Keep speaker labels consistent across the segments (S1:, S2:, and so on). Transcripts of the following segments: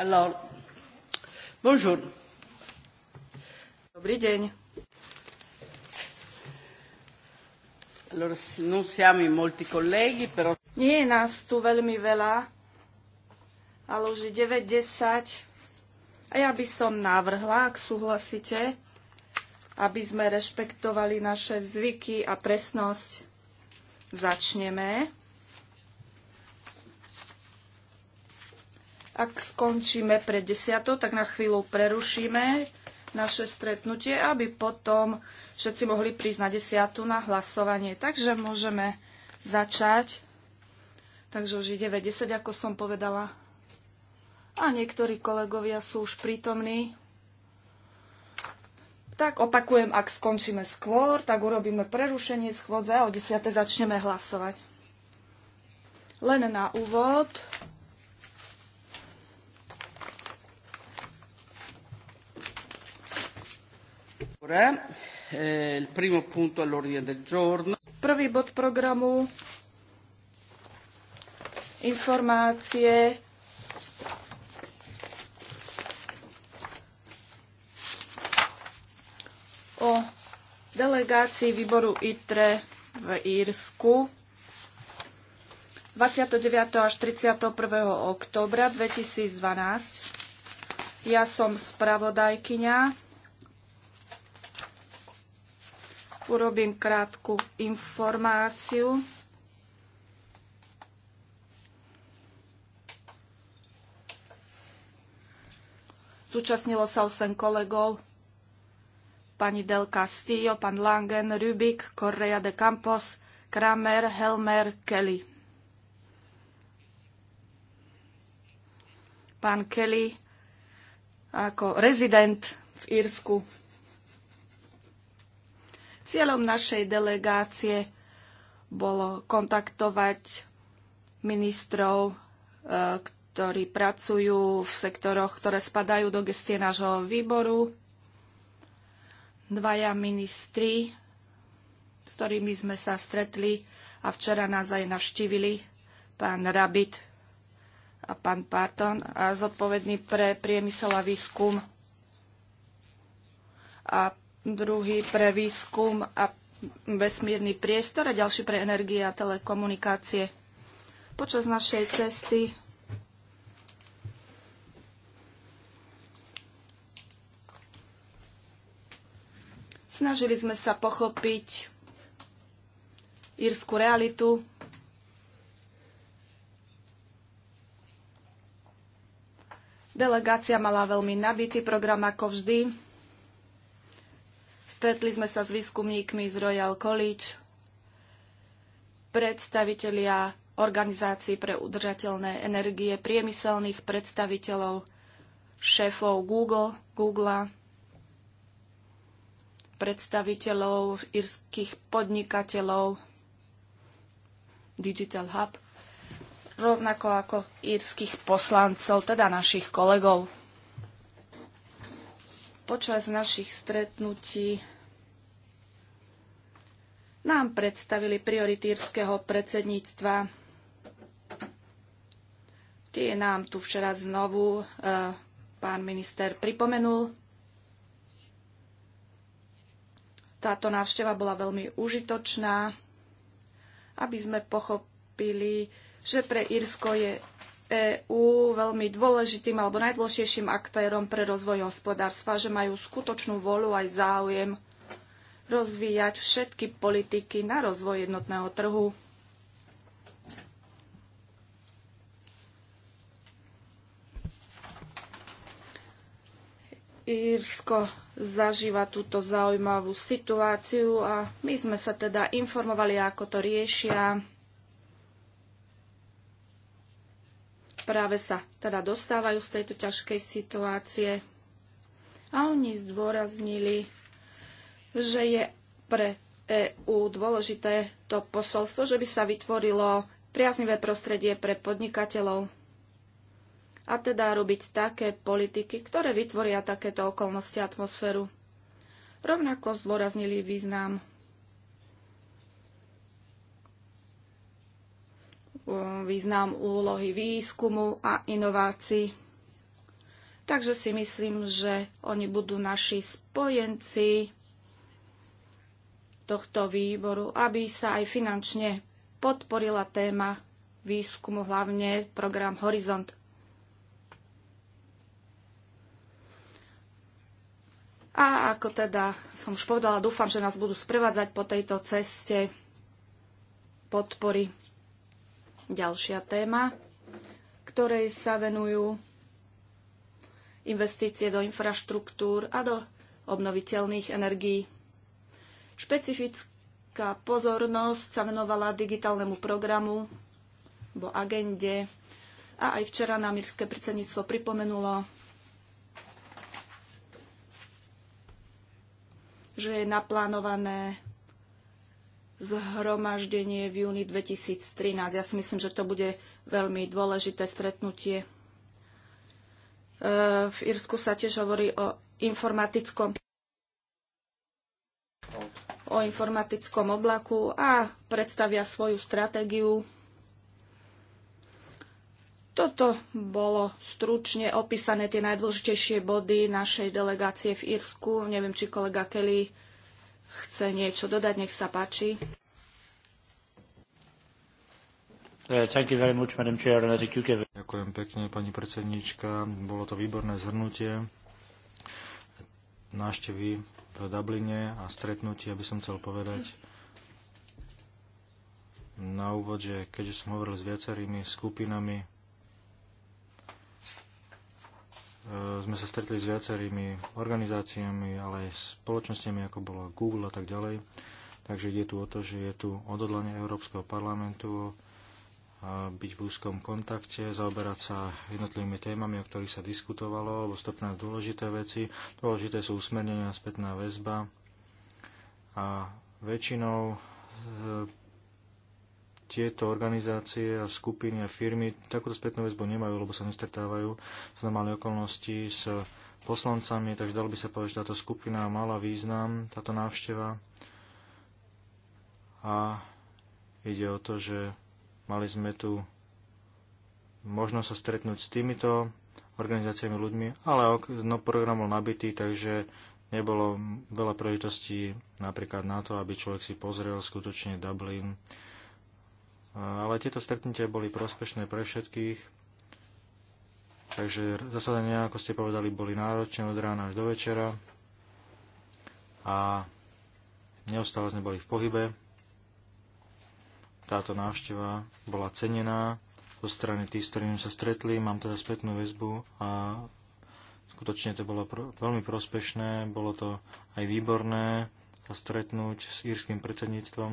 S1: Alors, bonjour. Dobrý deň. non siamo molti colleghi, però... Nie je
S2: nás tu veľmi veľa, ale už je A ja by som navrhla, ak súhlasíte, aby sme rešpektovali naše zvyky a presnosť. Začneme. Ak skončíme pred desiatou, tak na chvíľu prerušíme naše stretnutie, aby potom všetci mohli prísť na desiatu na hlasovanie. Takže môžeme začať. Takže už ide 10, ako som povedala. A niektorí kolegovia sú už prítomní. Tak opakujem, ak skončíme skôr, tak urobíme prerušenie schôdze a o 10. začneme hlasovať. Len na úvod
S1: Eh, il primo punto all'ordine del giorno.
S2: Prvý bod programu informácie o delegácii výboru ITRE v Írsku 29. až 31. oktobra 2012. Ja som spravodajkyňa urobím krátku informáciu. Zúčastnilo sa 8 kolegov. Pani Del Castillo, pán Langen, Rubik, Correa de Campos, Kramer, Helmer, Kelly. Pán Kelly ako rezident v Írsku Cieľom našej delegácie bolo kontaktovať ministrov, e, ktorí pracujú v sektoroch, ktoré spadajú do gestie nášho výboru. Dvaja ministri, s ktorými sme sa stretli a včera nás aj navštívili, pán Rabit a pán Parton, a zodpovedný pre priemysel a výskum. A druhý pre výskum a vesmírny priestor a ďalší pre energie a telekomunikácie. Počas našej cesty snažili sme sa pochopiť írsku realitu, Delegácia mala veľmi nabitý program ako vždy. Stretli sme sa s výskumníkmi z Royal College, predstavitelia organizácií pre udržateľné energie, priemyselných predstaviteľov, šéfov Google, Google, predstaviteľov írskych podnikateľov Digital Hub, rovnako ako írskych poslancov, teda našich kolegov počas našich stretnutí nám predstavili prioritírskeho predsedníctva. Tie nám tu včera znovu e, pán minister pripomenul. Táto návšteva bola veľmi užitočná, aby sme pochopili, že pre Írsko je EÚ veľmi dôležitým alebo najdôležitejším aktérom pre rozvoj hospodárstva, že majú skutočnú volu aj záujem rozvíjať všetky politiky na rozvoj jednotného trhu. Írsko zažíva túto zaujímavú situáciu a my sme sa teda informovali, ako to riešia práve sa teda dostávajú z tejto ťažkej situácie. A oni zdôraznili, že je pre EÚ dôležité to posolstvo, že by sa vytvorilo priaznivé prostredie pre podnikateľov a teda robiť také politiky, ktoré vytvoria takéto okolnosti a atmosféru. Rovnako zdôraznili význam Um, význam úlohy výskumu a inovácií. Takže si myslím, že oni budú naši spojenci tohto výboru, aby sa aj finančne podporila téma výskumu, hlavne program Horizont. A ako teda som už povedala, dúfam, že nás budú sprevádzať po tejto ceste podpory. Ďalšia téma, ktorej sa venujú investície do infraštruktúr a do obnoviteľných energií. Špecifická pozornosť sa venovala digitálnemu programu alebo agende a aj včera nám Mirské predsedníctvo pripomenulo, že je naplánované zhromaždenie v júni 2013. Ja si myslím, že to bude veľmi dôležité stretnutie. E, v Irsku sa tiež hovorí o informatickom o informatickom oblaku a predstavia svoju stratégiu. Toto bolo stručne opísané tie najdôležitejšie body našej delegácie v Írsku. Neviem, či kolega Kelly chce niečo dodať, nech sa páči.
S3: Uh, Ďakujem pekne, pani predsedníčka. Bolo to výborné zhrnutie návštevy v Dubline a stretnutie, aby som chcel povedať na úvod, že keďže som hovoril s viacerými skupinami E, sme sa stretli s viacerými organizáciami, ale aj spoločnosťami, ako bolo Google a tak ďalej. Takže ide tu o to, že je tu odhodlanie Európskeho parlamentu e, byť v úzkom kontakte, zaoberať sa jednotlivými témami, o ktorých sa diskutovalo, alebo stopná dôležité veci. Dôležité sú usmernenia, a spätná väzba a väčšinou e, tieto organizácie a skupiny a firmy takúto spätnú väzbu nemajú, lebo sa nestretávajú z normálnej okolnosti s poslancami, takže dalo by sa povedať, že táto skupina mala význam, táto návšteva. A ide o to, že mali sme tu možnosť sa stretnúť s týmito organizáciami, ľuďmi, ale no, program bol nabitý, takže nebolo veľa príležitostí napríklad na to, aby človek si pozrel skutočne Dublin, ale tieto stretnutia boli prospešné pre všetkých, takže zasadania, ako ste povedali, boli náročné od rána až do večera a neustále sme boli v pohybe. Táto návšteva bola cenená zo strany tých, s ktorými sa stretli. Mám teda spätnú väzbu a skutočne to bolo veľmi prospešné. Bolo to aj výborné sa stretnúť s írským predsedníctvom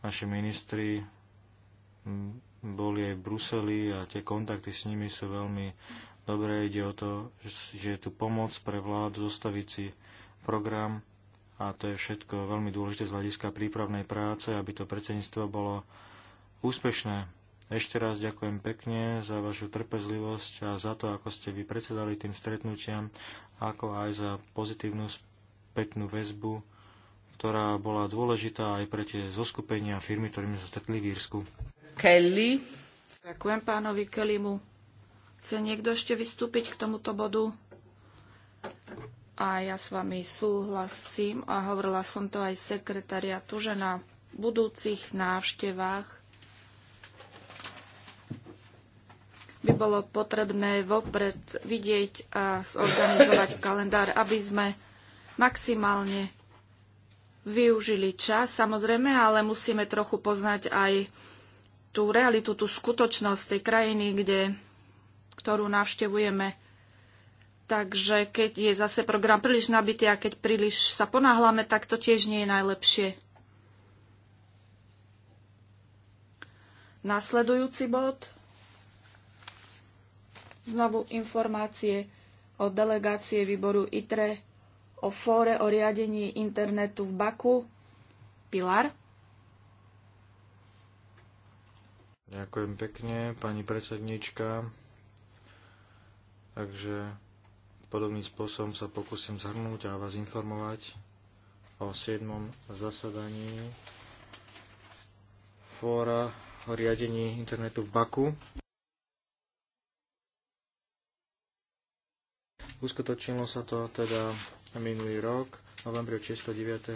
S3: Naši ministri boli aj v Bruseli a tie kontakty s nimi sú veľmi dobré. Ide o to, že je tu pomoc pre vládu zostaviť si program a to je všetko veľmi dôležité z hľadiska prípravnej práce, aby to predsedníctvo bolo úspešné. Ešte raz ďakujem pekne za vašu trpezlivosť a za to, ako ste vy predsedali tým stretnutiam, ako aj za pozitívnu spätnú väzbu ktorá bola dôležitá aj pre tie zoskupenia firmy, ktorými sa stretli v Írsku.
S2: Kelly. Ďakujem pánovi Kellymu. Chce niekto ešte vystúpiť k tomuto bodu? A ja s vami súhlasím a hovorila som to aj sekretariatu, že na budúcich návštevách by bolo potrebné vopred vidieť a zorganizovať kalendár, aby sme maximálne využili čas, samozrejme, ale musíme trochu poznať aj tú realitu, tú skutočnosť tej krajiny, kde, ktorú navštevujeme. Takže keď je zase program príliš nabitý a keď príliš sa ponáhlame, tak to tiež nie je najlepšie. Nasledujúci bod. Znovu informácie o delegácie výboru ITRE o fóre o riadení internetu v Baku. Pilar.
S3: Ďakujem pekne, pani predsednička. Takže podobným spôsobom sa pokúsim zhrnúť a vás informovať o 7. zasadaní fóra o riadení internetu v Baku. Uskutočnilo sa to teda minulý rok, novembri 609.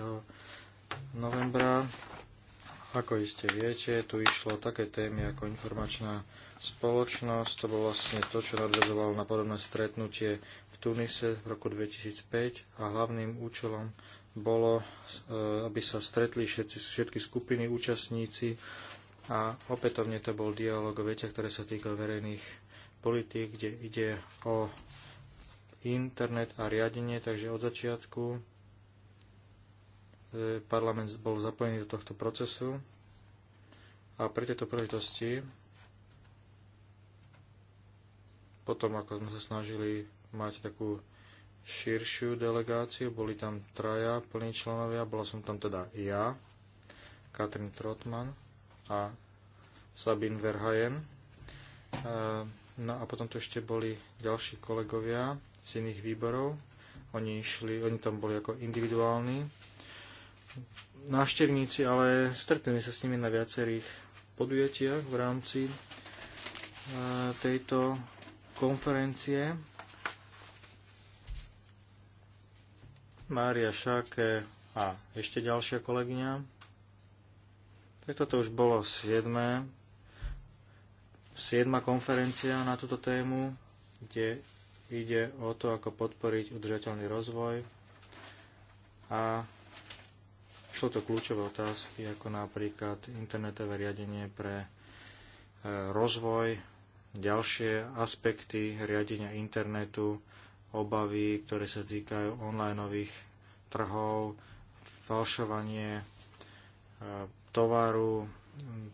S3: novembra. Ako iste viete, tu išlo také témy ako informačná spoločnosť. To bolo vlastne to, čo nadvezovalo na podobné stretnutie v Tunise v roku 2005 a hlavným účelom bolo, e, aby sa stretli všetci, všetky skupiny, účastníci a opätovne to bol dialog o veciach, ktoré sa týkajú verejných politík, kde ide o internet a riadenie, takže od začiatku e, parlament bol zapojený do tohto procesu a pri tejto príležitosti potom, ako sme sa snažili mať takú širšiu delegáciu, boli tam traja plní členovia, bola som tam teda ja, Katrin Trotman a Sabine Verhajen. E, no a potom tu ešte boli ďalší kolegovia, z iných výborov. Oni, išli, oni tam boli ako individuálni návštevníci, ale stretneme sa s nimi na viacerých podujatiach v rámci e, tejto konferencie. Mária Šáke a ešte ďalšia kolegyňa. Tak toto už bolo 7. 7. konferencia na túto tému, kde ide o to, ako podporiť udržateľný rozvoj a šlo to kľúčové otázky, ako napríklad internetové riadenie pre e, rozvoj, ďalšie aspekty riadenia internetu, obavy, ktoré sa týkajú onlineových trhov, falšovanie e, tovaru,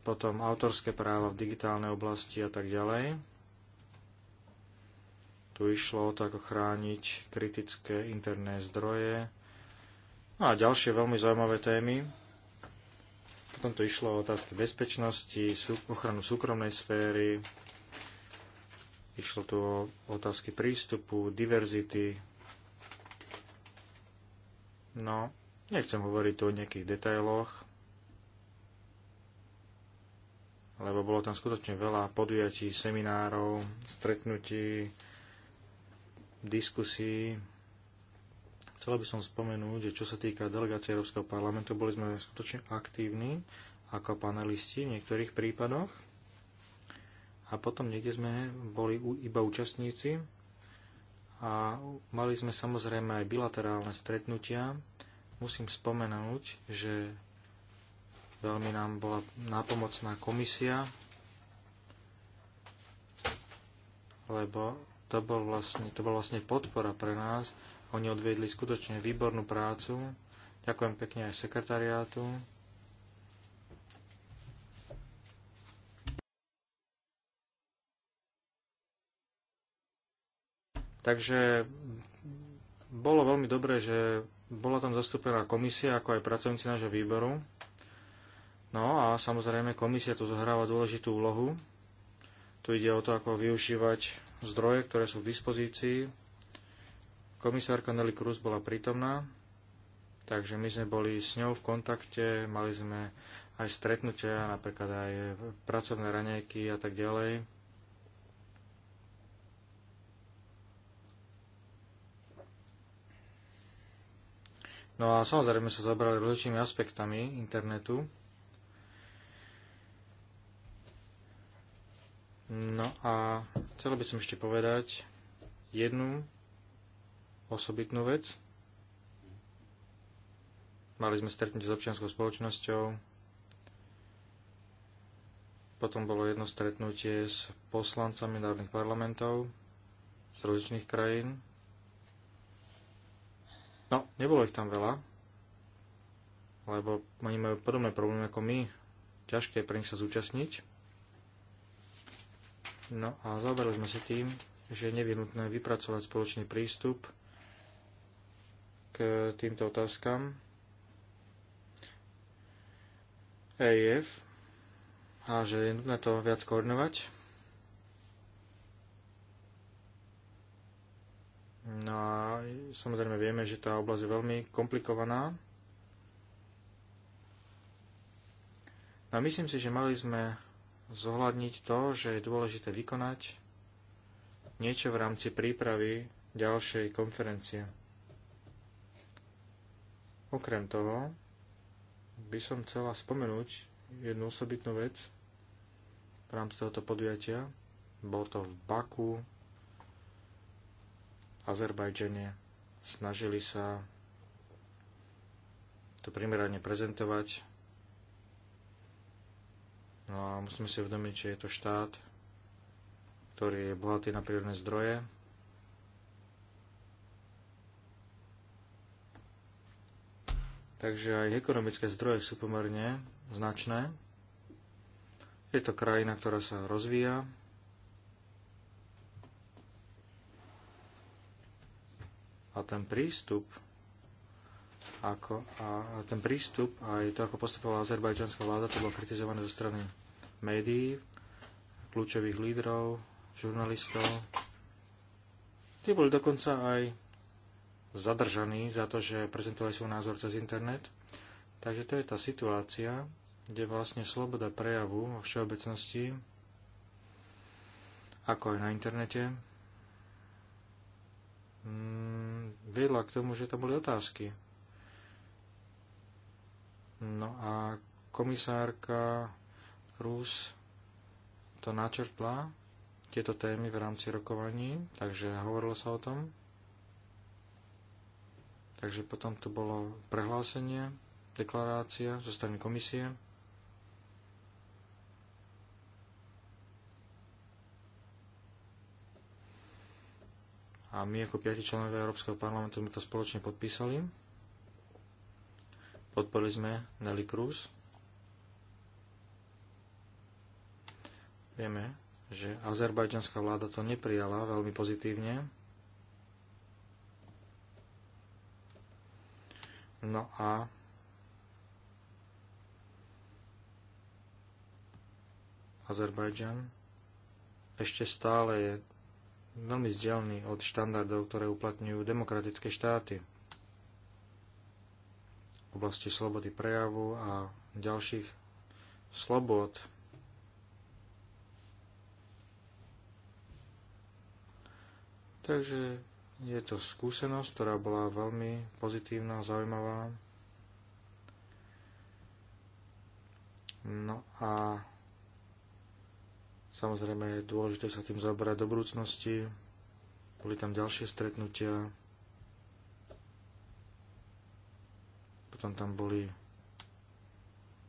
S3: potom autorské práva v digitálnej oblasti a tak ďalej. Tu išlo o to, ako chrániť kritické interné zdroje no a ďalšie veľmi zaujímavé témy. Potom tu išlo o otázky bezpečnosti, ochranu súkromnej sféry, išlo tu o otázky prístupu, diverzity. No, nechcem hovoriť tu o nejakých detailoch, lebo bolo tam skutočne veľa podujatí, seminárov, stretnutí, diskusii. Chcela by som spomenúť, že čo sa týka delegácie Európskeho parlamentu, boli sme skutočne aktívni ako panelisti v niektorých prípadoch a potom niekde sme boli iba účastníci a mali sme samozrejme aj bilaterálne stretnutia. Musím spomenúť, že veľmi nám bola nápomocná komisia, lebo to, bol vlastne, to bola vlastne podpora pre nás. Oni odviedli skutočne výbornú prácu. Ďakujem pekne aj sekretariátu. Takže bolo veľmi dobré, že bola tam zastúpená komisia, ako aj pracovníci nášho výboru. No a samozrejme komisia tu zohráva dôležitú úlohu. Tu ide o to, ako využívať zdroje, ktoré sú k dispozícii. Komisárka Nelly Cruz bola prítomná, takže my sme boli s ňou v kontakte, mali sme aj stretnutia, napríklad aj pracovné raňajky a tak ďalej. No a samozrejme sa zabrali rozličnými aspektami internetu, No a chcel by som ešte povedať jednu osobitnú vec. Mali sme stretnutie s občianskou spoločnosťou. Potom bolo jedno stretnutie s poslancami národných parlamentov z rozličných krajín. No, nebolo ich tam veľa, lebo oni majú podobné problémy ako my. Ťažké je pre nich sa zúčastniť. No a zaoberali sme si tým, že je nevyhnutné vypracovať spoločný prístup k týmto otázkam. EIF a že je nutné to viac koordinovať. No a samozrejme vieme, že tá oblasť je veľmi komplikovaná. No a myslím si, že mali sme zohľadniť to, že je dôležité vykonať niečo v rámci prípravy ďalšej konferencie. Okrem toho by som chcela spomenúť jednu osobitnú vec v rámci tohoto podujatia. Bolo to v Baku, v Azerbajdžane. Snažili sa to primerane prezentovať No a musíme si uvedomiť, že je to štát, ktorý je bohatý na prírodné zdroje. Takže aj ekonomické zdroje sú pomerne značné. Je to krajina, ktorá sa rozvíja. A ten prístup ako, a ten prístup aj to, ako postupovala azerbajdžanská vláda, to bolo kritizované zo strany médií, kľúčových lídrov, žurnalistov. Tí boli dokonca aj zadržaní za to, že prezentovali svoj názor cez internet. Takže to je tá situácia, kde vlastne sloboda prejavu vo všeobecnosti, ako aj na internete, mm, viedla k tomu, že to boli otázky. No a komisárka Rus to načrtla, tieto témy v rámci rokovaní, takže hovorilo sa o tom. Takže potom tu bolo prehlásenie, deklarácia zo strany komisie. A my ako piati členovia Európskeho parlamentu sme to spoločne podpísali. Podporili sme Nelly Cruz, Vieme, že azerbajdžanská vláda to neprijala veľmi pozitívne. No a Azerbajdžan ešte stále je veľmi vzdialený od štandardov, ktoré uplatňujú demokratické štáty v oblasti slobody prejavu a ďalších slobod Takže je to skúsenosť, ktorá bola veľmi pozitívna, a zaujímavá. No a samozrejme je dôležité sa tým zaoberať do budúcnosti. Boli tam ďalšie stretnutia. Potom tam boli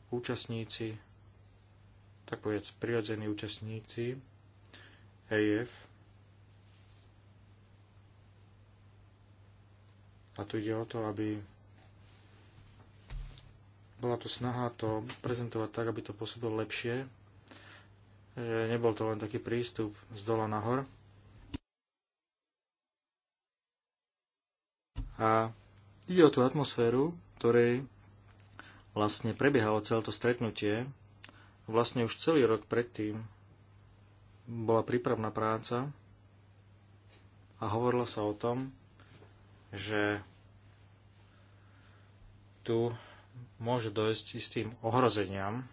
S3: účastníci, tak povedz, prirodzení účastníci EIF, A tu ide o to, aby bola tu snaha to prezentovať tak, aby to pôsobilo lepšie. Že nebol to len taký prístup z dola nahor. A ide o tú atmosféru, ktorej vlastne prebiehalo celé to stretnutie. Vlastne už celý rok predtým bola prípravná práca a hovorilo sa o tom, že tu môže dojsť istým ohrozeniam.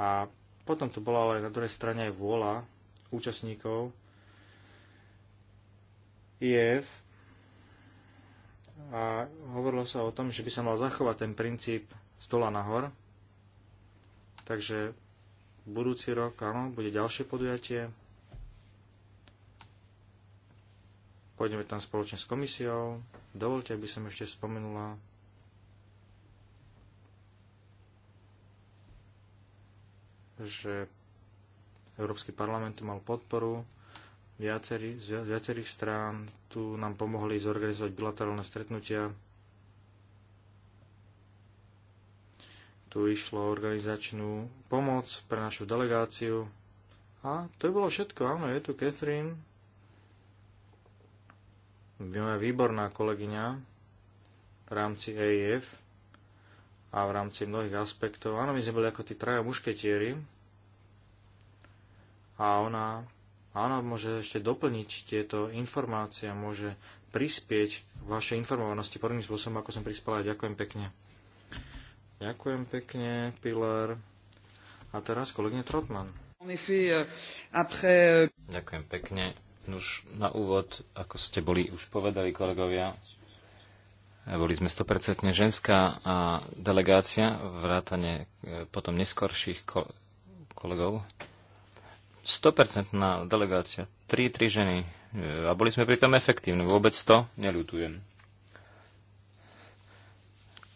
S3: A potom tu bola ale na druhej strane aj vôľa účastníkov IF a hovorilo sa o tom, že by sa mal zachovať ten princíp stola nahor. Takže budúci rok, áno, bude ďalšie podujatie. Pôjdeme tam spoločne s komisiou. Dovolte, aby som ešte spomenula že Európsky parlament mal podporu viacerý, z viacerých strán. Tu nám pomohli zorganizovať bilaterálne stretnutia. Tu išlo organizačnú pomoc pre našu delegáciu. A to je bolo všetko. Áno, je tu Catherine. Moja výborná kolegyňa v rámci EIF a v rámci mnohých aspektov. Áno, my sme boli ako tí traja mušketieri a ona, áno, môže ešte doplniť tieto informácie a môže prispieť k vašej informovanosti podobným spôsobom, ako som prispela. Ďakujem pekne. Ďakujem pekne, Pilar. A teraz kolegyne Trotman.
S4: Euh, euh, ďakujem pekne. Už na úvod, ako ste boli už povedali kolegovia, boli sme 100% ženská a delegácia, vrátane e, potom neskorších kolegov. 100% delegácia, 3-3 ženy. E, a boli sme pritom efektívni, vôbec to neľutujem.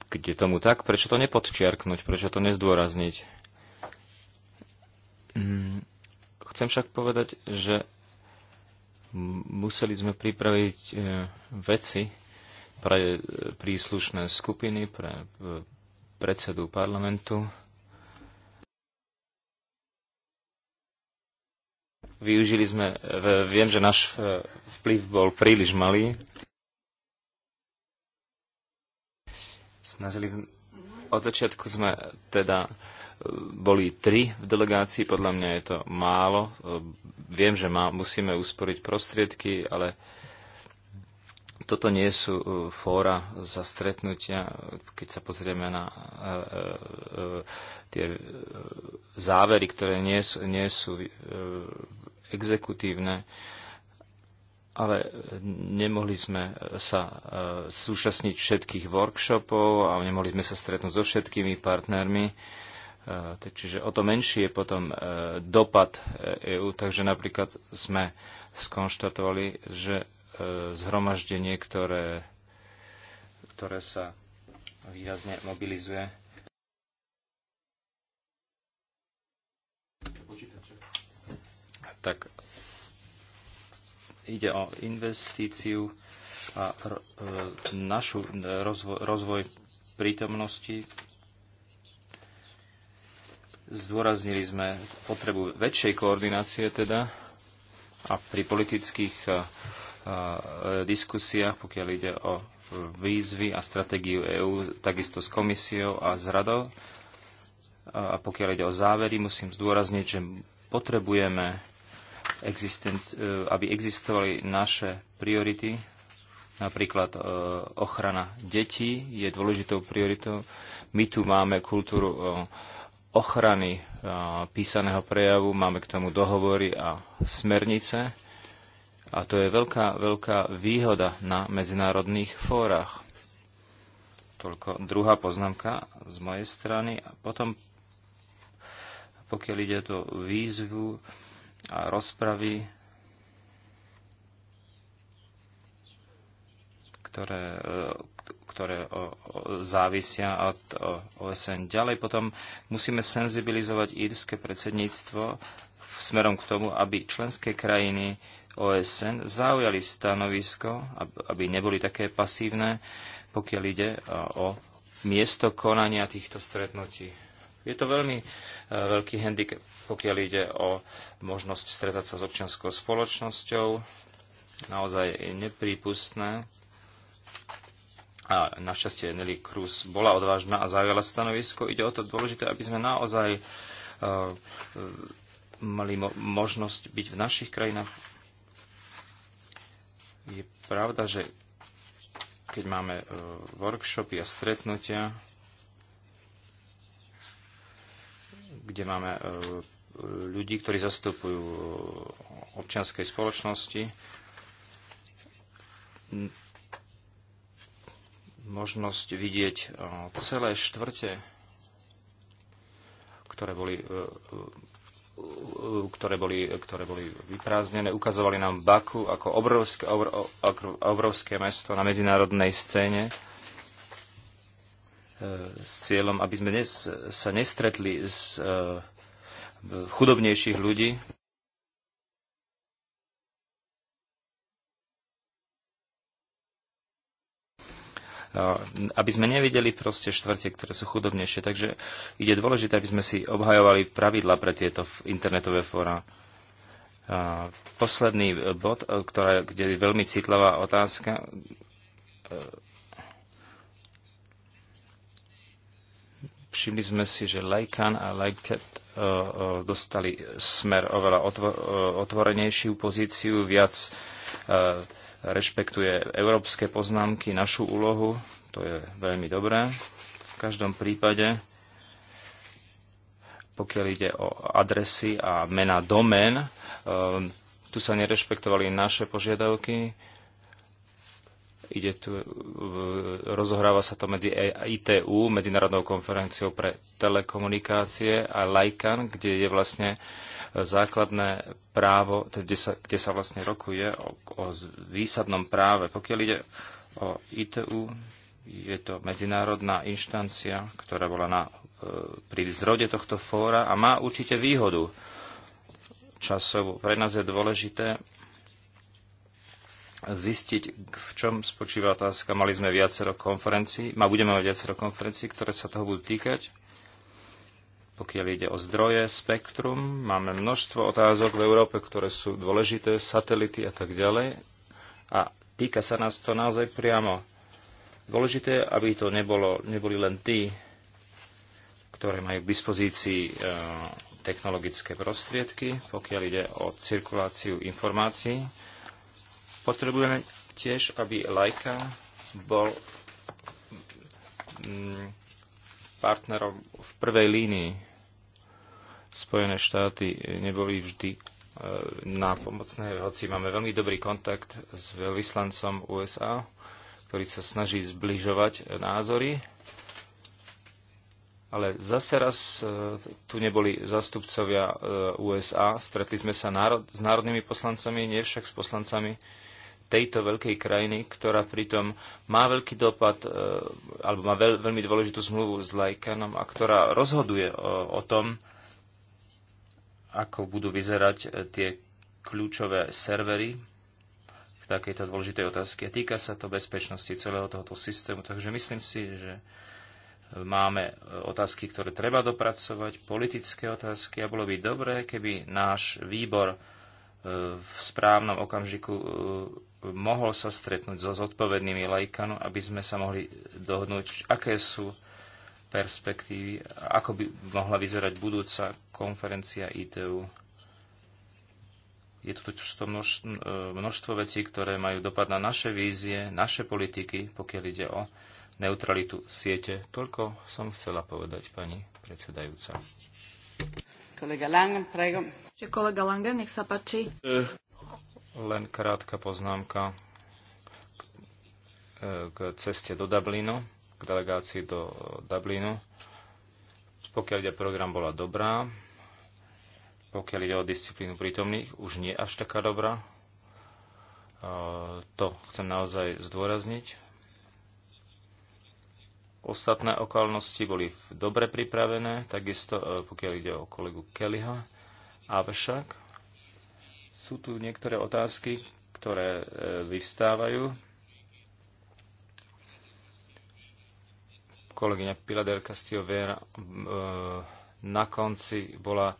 S4: Keď je tomu tak, prečo to nepodčiarknúť, prečo to nezdôrazniť? Mm, chcem však povedať, že Museli sme pripraviť e, veci pre e, príslušné skupiny, pre e, predsedu parlamentu. Využili sme, viem, že náš vplyv bol príliš malý. Snažili sme, od začiatku sme teda boli tri v delegácii, podľa mňa je to málo. E, viem, že má, musíme usporiť prostriedky, ale toto nie sú e, fóra za stretnutia, keď sa pozrieme na e, tie závery, ktoré nie sú, nie sú exekutívne, ale nemohli sme sa súčasniť všetkých workshopov a nemohli sme sa stretnúť so všetkými partnermi Eh, čiže o to menší je potom eh, dopad EÚ. Eh, e Takže napríklad sme skonštatovali, že zhromaždenie, ktoré, ktoré sa výrazne mobilizuje, tak ide o investíciu a našu rozvoj, rozvoj prítomnosti Zdôraznili sme potrebu väčšej koordinácie teda a pri politických e, e, diskusiách, pokiaľ ide o výzvy a stratégiu EÚ, takisto s komisiou a s radou. A pokiaľ ide o závery, musím zdôrazniť, že potrebujeme, e, aby existovali naše priority, napríklad ochrana detí je dôležitou prioritou. My tu máme kultúru ochrany písaného prejavu, máme k tomu dohovory a smernice a to je veľká, veľká výhoda na medzinárodných fórach. Toľko druhá poznámka z mojej strany. A potom, pokiaľ ide o výzvu a rozpravy, ktoré e, ktoré závisia od OSN. Ďalej potom musíme senzibilizovať írske predsedníctvo smerom k tomu, aby členské krajiny OSN zaujali stanovisko, aby neboli také pasívne, pokiaľ ide o miesto konania týchto stretnutí. Je to veľmi e, veľký handicap, pokiaľ ide o možnosť stretať sa s občianskou spoločnosťou. Naozaj je neprípustné, a našťastie Nelly Cruz bola odvážna a zaujala stanovisko. Ide o to dôležité, aby sme naozaj uh, mali mo- možnosť byť v našich krajinách. Je pravda, že keď máme uh, workshopy a stretnutia, kde máme uh, ľudí, ktorí zastupujú občianskej spoločnosti, možnosť vidieť e, celé štvrte, ktoré boli, e, e, ktoré boli, ktoré boli vyprázdnené. Ukazovali nám Baku ako obrovské, obrovské mesto na medzinárodnej scéne s cieľom, aby sme dnes sa nestretli s chudobnejších ľudí, aby sme nevideli proste štvrte, ktoré sú chudobnejšie. Takže ide dôležité, aby sme si obhajovali pravidla pre tieto internetové fóra. Posledný bod, e, ktorá, kde je veľmi citlivá otázka, e, všimli sme si, že Lajkan a Lajket e, dostali smer oveľa otvorenejšiu pozíciu, viac rešpektuje európske poznámky, našu úlohu. To je veľmi dobré. V každom prípade, pokiaľ ide o adresy a mena domén, ehm, tu sa nerešpektovali naše požiadavky. Ide tu, rozohráva sa to medzi e- ITU, Medzinárodnou konferenciou pre telekomunikácie a LICAN, kde je vlastne uh, základné právo, kde sa, kde sa vlastne rokuje o, o výsadnom práve. Pokiaľ ide o ITU, je to medzinárodná inštancia, ktorá bola na, e, pri zrode tohto fóra a má určite výhodu časovú. Pre nás je dôležité zistiť, v čom spočíva otázka. Mali sme viacero konferencií, ma budeme mať viacero konferencií, ktoré sa toho budú týkať pokiaľ ide o zdroje, spektrum, máme množstvo otázok v Európe, ktoré sú dôležité, satelity a tak ďalej. A týka sa nás to naozaj priamo. Dôležité, aby to nebolo, neboli len tí, ktoré majú k dispozícii e, technologické prostriedky, pokiaľ ide o cirkuláciu informácií. Potrebujeme tiež, aby lajka bol mm, partnerom v prvej línii. Spojené štáty neboli vždy e, na pomocné, hoci máme veľmi dobrý kontakt s vyslancom USA, ktorý sa snaží zbližovať názory. Ale zase raz e, tu neboli zastupcovia e, USA, stretli sme sa národ, s národnými poslancami, nie však s poslancami tejto veľkej krajiny, ktorá pritom má veľký dopad, e, alebo má veľ, veľmi dôležitú zmluvu s Lajkanom a ktorá rozhoduje o, o tom, ako budú vyzerať e, tie kľúčové servery k takejto dôležitej otázke. Týka sa to bezpečnosti celého tohoto systému, takže myslím si, že máme e, otázky, ktoré treba dopracovať, politické otázky a bolo by dobré, keby náš výbor v správnom okamžiku mohol sa stretnúť so zodpovednými lajkami, aby sme sa mohli dohodnúť, aké sú perspektívy, ako by mohla vyzerať budúca konferencia ITU. E Je tu totiž to množstvo vecí, ktoré majú dopad na naše vízie, naše politiky, pokiaľ ide o neutralitu siete. Toľko som chcela povedať, pani predsedajúca.
S2: Kolega Langen, prego. Kolega Langen, nech sa páči.
S4: Uh. Len krátka poznámka k ceste do Dublinu, k delegácii do Dublinu. Pokiaľ ide program bola dobrá, pokiaľ ide o disciplínu prítomných, už nie až taká dobrá. To chcem naozaj zdôrazniť. Ostatné okolnosti boli dobre pripravené, takisto e, pokiaľ ide o kolegu Kellyho. Avšak sú tu niektoré otázky, ktoré e, vystávajú. Kolegyňa Piladel Castillo Vera e, na konci bola, e,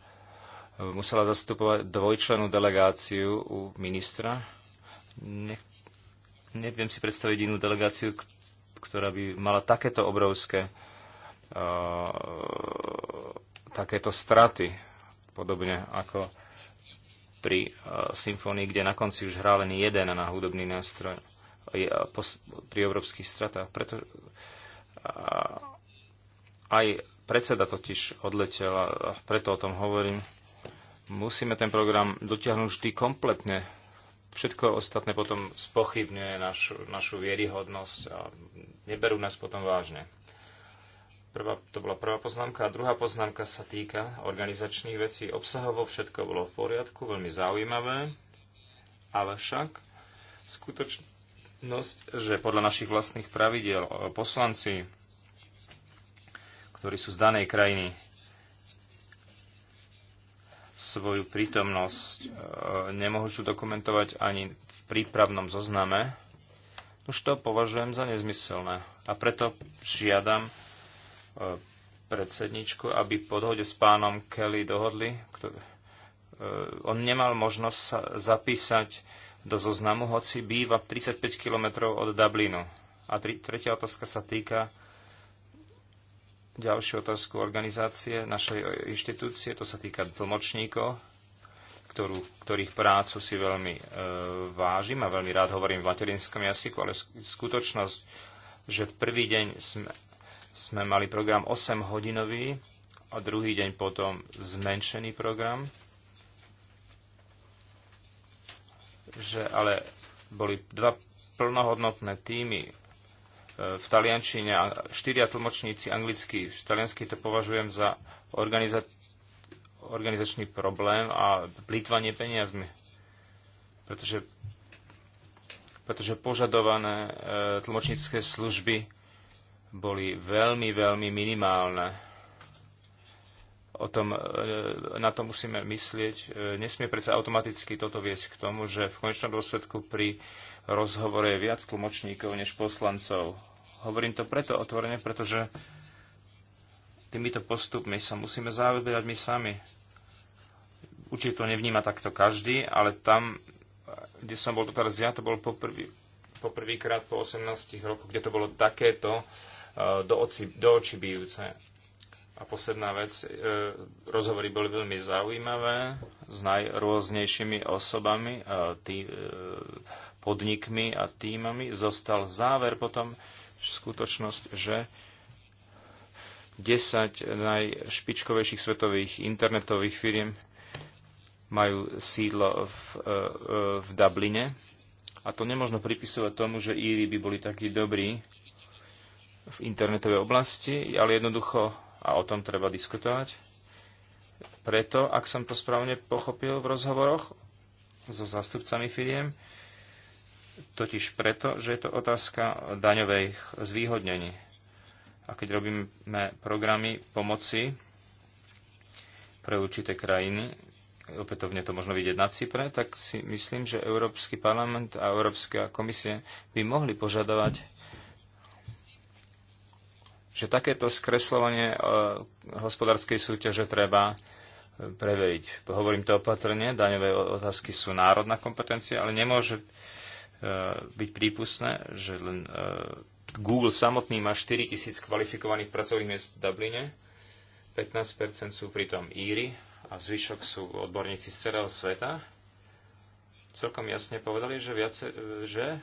S4: musela zastupovať dvojčlenú delegáciu u ministra. Ne, neviem si predstaviť inú delegáciu, ktorá by mala takéto obrovské uh, takéto straty, podobne ako pri e, symfónii, kde na konci už hrá len jeden na hudobný nástroj e, pri európskych stratách. Preto aj predseda totiž odletel a preto o tom hovorím. Musíme ten program dotiahnuť vždy kompletne. Všetko ostatné potom spochybňuje našu, našu vieryhodnosť a neberú nás potom vážne. Prvá, to bola prvá poznámka. A druhá poznámka sa týka organizačných vecí. Obsahovo všetko bolo v poriadku, veľmi zaujímavé, ale však
S2: skutočnosť,
S4: že podľa našich vlastných pravidiel e, poslanci, ktorí sú z danej krajiny, svoju prítomnosť e, nemôžu dokumentovať ani v prípravnom zozname, už to považujem za nezmyselné. A preto žiadam E, predsedničku, aby po dohode s pánom Kelly dohodli. E, on nemal možnosť sa zapísať do zoznamu, hoci býva 35 kilometrov od Dublinu. A tri, tretia otázka sa týka ďalšiu otázku organizácie našej inštitúcie, to sa týka tlmočníkov, ktorú, ktorých prácu si veľmi e, vážim a veľmi rád hovorím v materinskom jazyku, ale skutočnosť, že v prvý deň sme sme mali program 8-hodinový a druhý deň potom zmenšený program, že ale boli dva plnohodnotné týmy e, v taliančine a štyria tlmočníci anglicky. V taliansky to považujem za organiza- organizačný problém a plýtvanie peniazmi. Pretože, pretože požadované e, tlmočnícke služby boli veľmi, veľmi minimálne. O tom, e, na to musíme myslieť. E, nesmie predsa automaticky toto viesť k tomu, že v konečnom dôsledku pri rozhovore je viac tlmočníkov než poslancov. Hovorím to preto otvorene, pretože týmito postupmi sa musíme zaoberať my sami. Určite to nevníma takto každý, ale tam, kde som bol teraz ja, to bol poprvý, poprvýkrát po 18 rokoch, kde to bolo takéto, uh, Eh, do, oci, do očí bijúce. A posledná vec, eh, rozhovory boli veľmi zaujímavé s najrôznejšími osobami, a eh, tý, podnikmi a týmami. Zostal záver potom skutočnosť, že 10 najšpičkovejších svetových internetových firiem majú sídlo v, v Dubline. A to nemôžno pripisovať tomu, že Íry by boli takí dobrí, v internetovej oblasti, ale jednoducho, a o tom treba diskutovať, preto, ak som to správne pochopil v rozhovoroch so zástupcami firiem, totiž preto, že je to otázka daňových zvýhodnení. A keď robíme programy pomoci pre určité krajiny, opätovne to možno vidieť na Cypre, tak si myslím, že Európsky parlament a Európska komisie by mohli požadovať že takéto skreslovanie e, hospodárskej súťaže treba e, preveriť. Hovorím to opatrne, daňové otázky sú národná kompetencia, ale nemôže e, byť prípustné, že len Google samotný má 4 tisíc kvalifikovaných pracovných miest v Dubline, 15% sú pritom Íry a zvyšok sú odborníci z celého sveta. Celkom jasne povedali, že, viace, že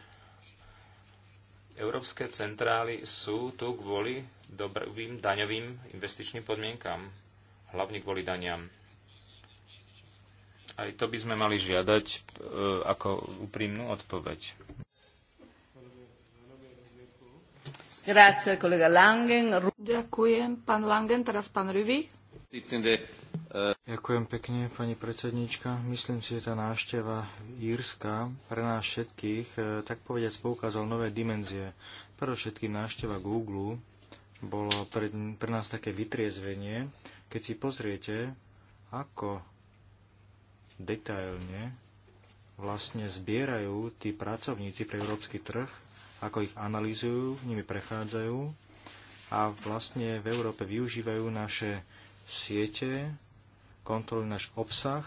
S4: Európske centrály sú tu kvôli dobrým daňovým investičným podmienkam, hlavne kvôli daniam. Aj to by sme mali žiadať e, ako úprimnú odpoveď.
S1: Grazie, kolega Langen.
S2: Ďakujem, pán Langen, teraz pán Rüvi.
S3: Ďakujem pekne, pani predsednička. Myslím si, že tá návšteva Írska pre nás všetkých, e, tak povediať, poukázal nové dimenzie. všetkým návšteva Google bolo pre, pre nás také vytriezvenie, keď si pozriete, ako detailne vlastne zbierajú tí pracovníci pre európsky trh, ako ich analýzujú, nimi prechádzajú a vlastne v Európe využívajú naše siete, kontroluje náš obsah,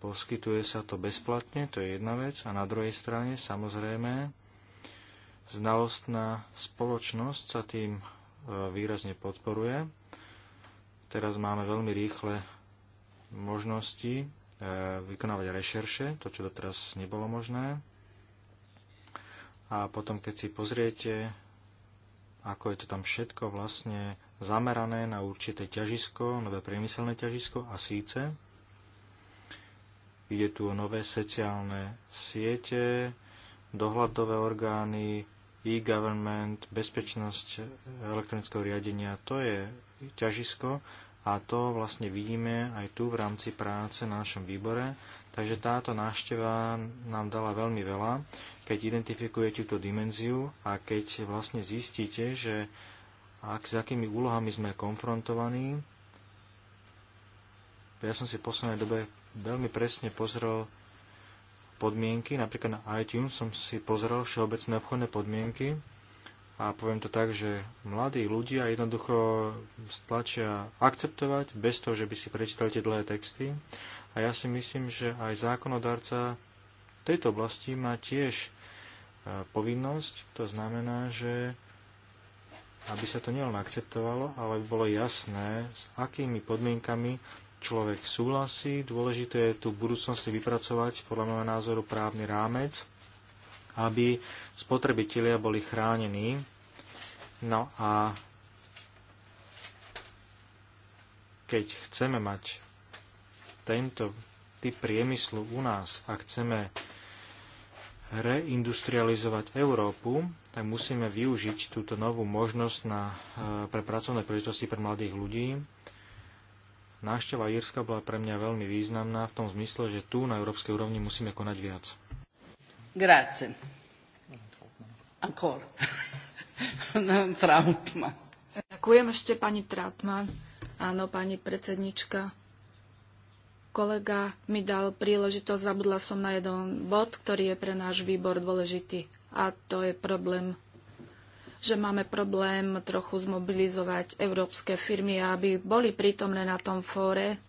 S3: poskytuje sa to bezplatne, to je jedna vec, a na druhej strane samozrejme znalostná spoločnosť sa tým e, výrazne podporuje. Teraz máme veľmi rýchle možnosti e, vykonávať rešerše, to, čo doteraz nebolo možné. A potom, keď si pozriete ako je to tam všetko vlastne zamerané na určité ťažisko, nové priemyselné ťažisko a síce ide tu o nové sociálne siete, dohľadové orgány, e-government, bezpečnosť elektronického riadenia, to je ťažisko a to vlastne vidíme aj tu v rámci práce na našom výbore. Takže táto návšteva nám dala veľmi veľa keď identifikujete túto dimenziu a keď vlastne zistíte, že ak, s akými úlohami sme konfrontovaní. Ja som si v poslednej dobe veľmi presne pozrel podmienky, napríklad na iTunes som si pozrel všeobecné obchodné podmienky a poviem to tak, že mladí ľudia jednoducho stlačia akceptovať bez toho, že by si prečítali tie dlhé texty a ja si myslím, že aj zákonodárca v tejto oblasti má tiež e, povinnosť, to znamená, že aby sa to nielen akceptovalo, ale aby bolo jasné, s akými podmienkami človek súhlasí. Dôležité je tu v budúcnosti vypracovať, podľa môjho názoru, právny rámec, aby spotrebitelia boli chránení. No a keď chceme mať tento typ priemyslu u nás a chceme reindustrializovať Európu, tak musíme využiť túto novú možnosť na, e, pre pracovné príležitosti pre mladých ľudí. Návšteva Írska bola pre mňa veľmi významná v tom zmysle, že tu na európskej úrovni musíme konať viac.
S1: Grazie. Ancora. Trautmann.
S2: Ďakujem ešte pani Trautmann. Áno, pani predsednička. Kolega mi dal príležitosť, zabudla som na jeden bod, ktorý je pre náš výbor dôležitý. A to je problém, že máme problém trochu zmobilizovať európske firmy, aby boli prítomné na tom fóre.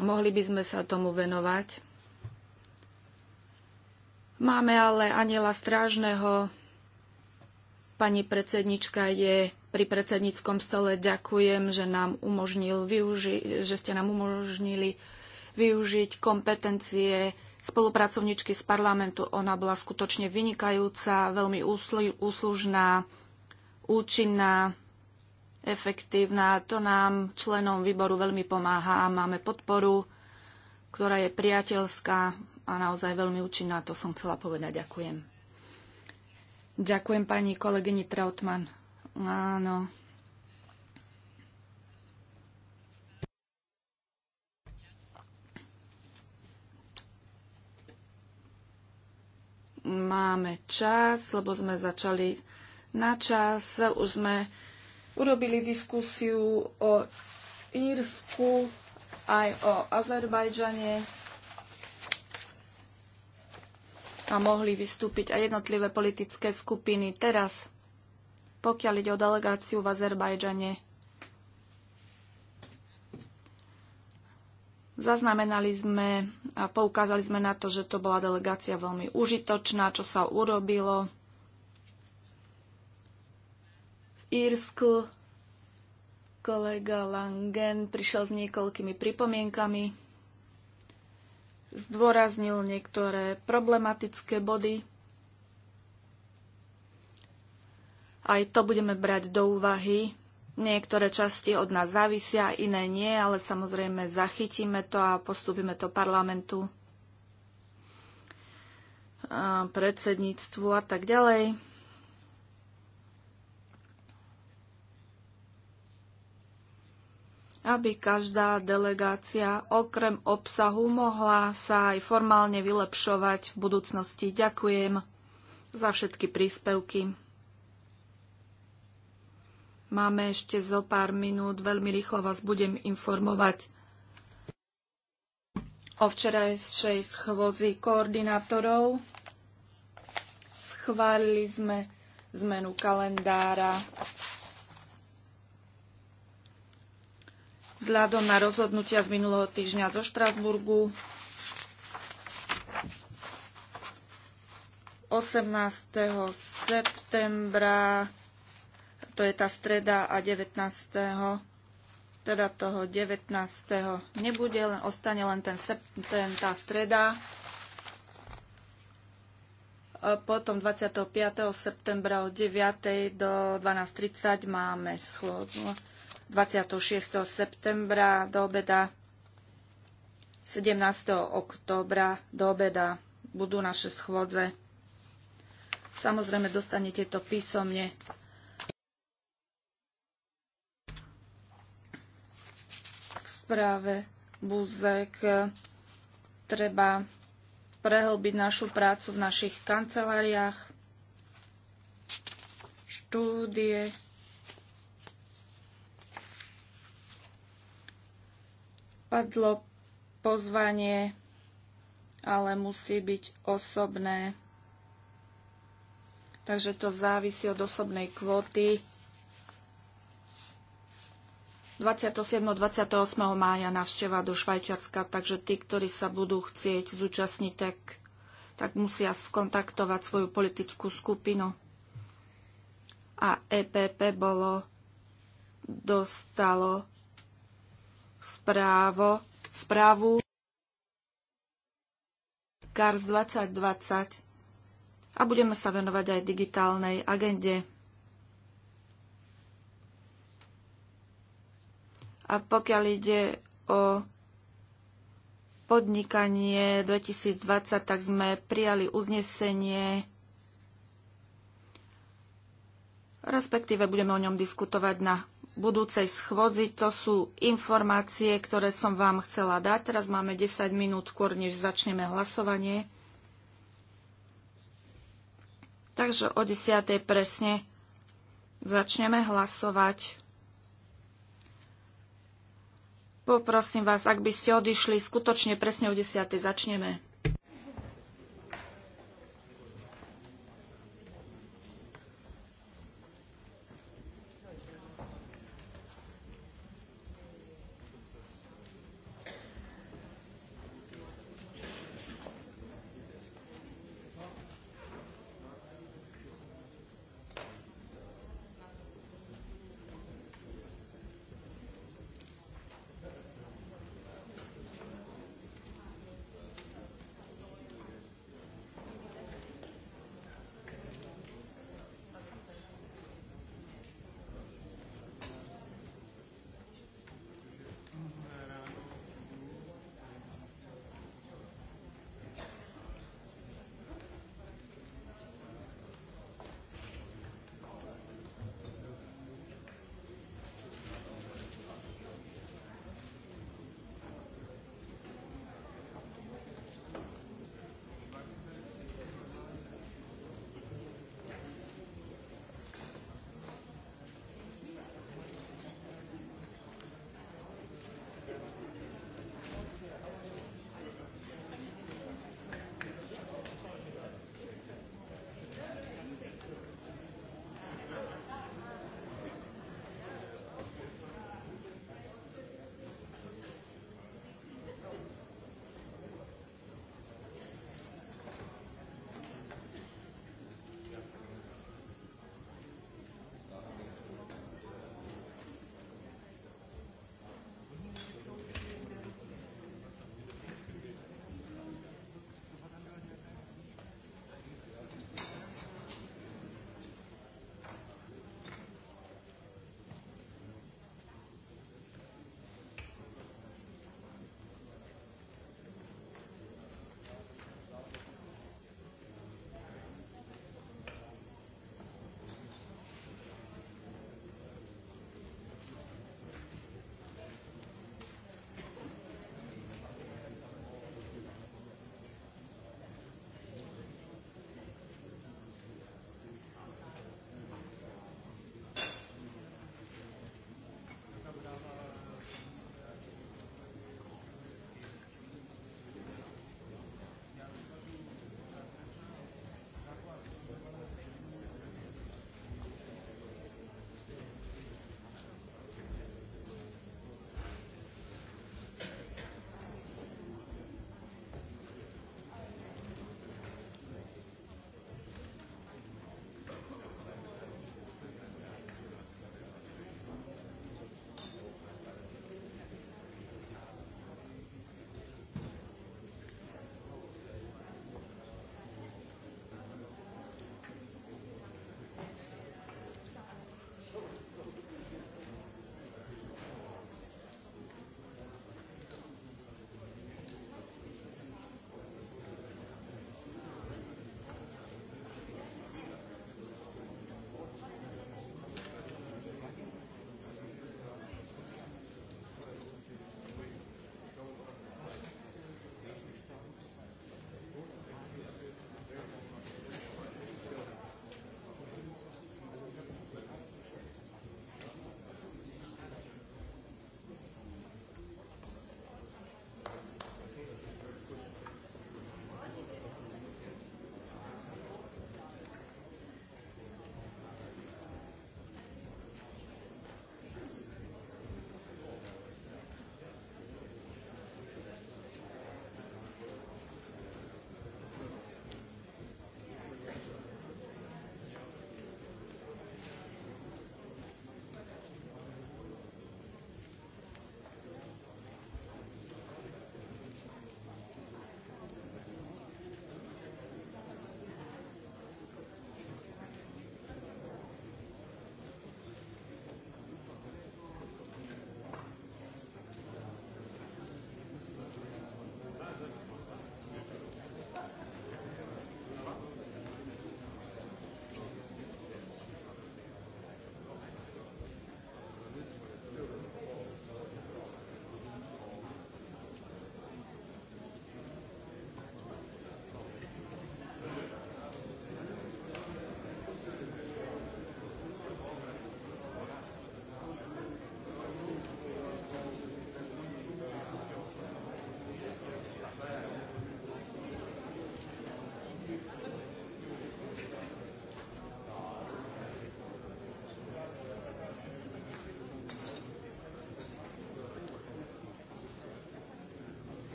S2: Mohli by sme sa tomu venovať. Máme ale Aniela Strážneho. Pani predsednička je pri predsedníckom stole ďakujem, že, nám umožnil využi- že ste nám umožnili využiť kompetencie spolupracovničky z parlamentu. Ona bola skutočne vynikajúca, veľmi úslu- úslužná, účinná, efektívna. To nám, členom výboru, veľmi pomáha a máme podporu, ktorá je priateľská a naozaj veľmi účinná. To som chcela povedať. Ďakujem. Ďakujem pani kolegyni Trautmann. Áno. Máme čas, lebo sme začali na čas. Už sme urobili diskusiu o Írsku aj o Azerbajdžane a mohli vystúpiť aj jednotlivé politické skupiny. Teraz pokiaľ ide o delegáciu v Azerbajdžane. Zaznamenali sme a poukázali sme na to, že to bola delegácia veľmi užitočná, čo sa urobilo. V Írsku kolega Langen prišiel s niekoľkými pripomienkami. Zdôraznil niektoré problematické body Aj to budeme brať do úvahy. Niektoré časti od nás závisia, iné nie, ale samozrejme zachytíme to a postupíme to parlamentu, predsedníctvu a tak ďalej. aby každá delegácia okrem obsahu mohla sa aj formálne vylepšovať v budúcnosti. Ďakujem za všetky príspevky. Máme ešte zo pár minút, veľmi rýchlo vás budem informovať o včerajšej schôdzi koordinátorov. Schválili sme zmenu kalendára. Vzhľadom na rozhodnutia z minulého týždňa zo Štrasburgu 18. septembra to je tá streda a 19. teda toho 19. nebude, len ostane len ten, ten tá streda. Potom 25. septembra od 9. do 12.30 máme schôdnu. 26. septembra do obeda, 17. októbra do obeda budú naše schôdze. Samozrejme, dostanete to písomne správe Buzek treba prehlbiť našu prácu v našich kanceláriách, štúdie, padlo pozvanie, ale musí byť osobné. Takže to závisí od osobnej kvóty 27. 28. mája návšteva do Švajčiarska, takže tí, ktorí sa budú chcieť zúčastniť, tak, tak musia skontaktovať svoju politickú skupinu. A EPP bolo, dostalo správo, správu CARS 2020 a budeme sa venovať aj digitálnej agende. A pokiaľ ide o podnikanie 2020, tak sme prijali uznesenie, respektíve budeme o ňom diskutovať na budúcej schôdzi. To sú informácie, ktoré som vám chcela dať. Teraz máme 10 minút skôr, než začneme hlasovanie. Takže o 10. presne začneme hlasovať. Poprosím vás, ak by ste odišli, skutočne presne o 10. začneme.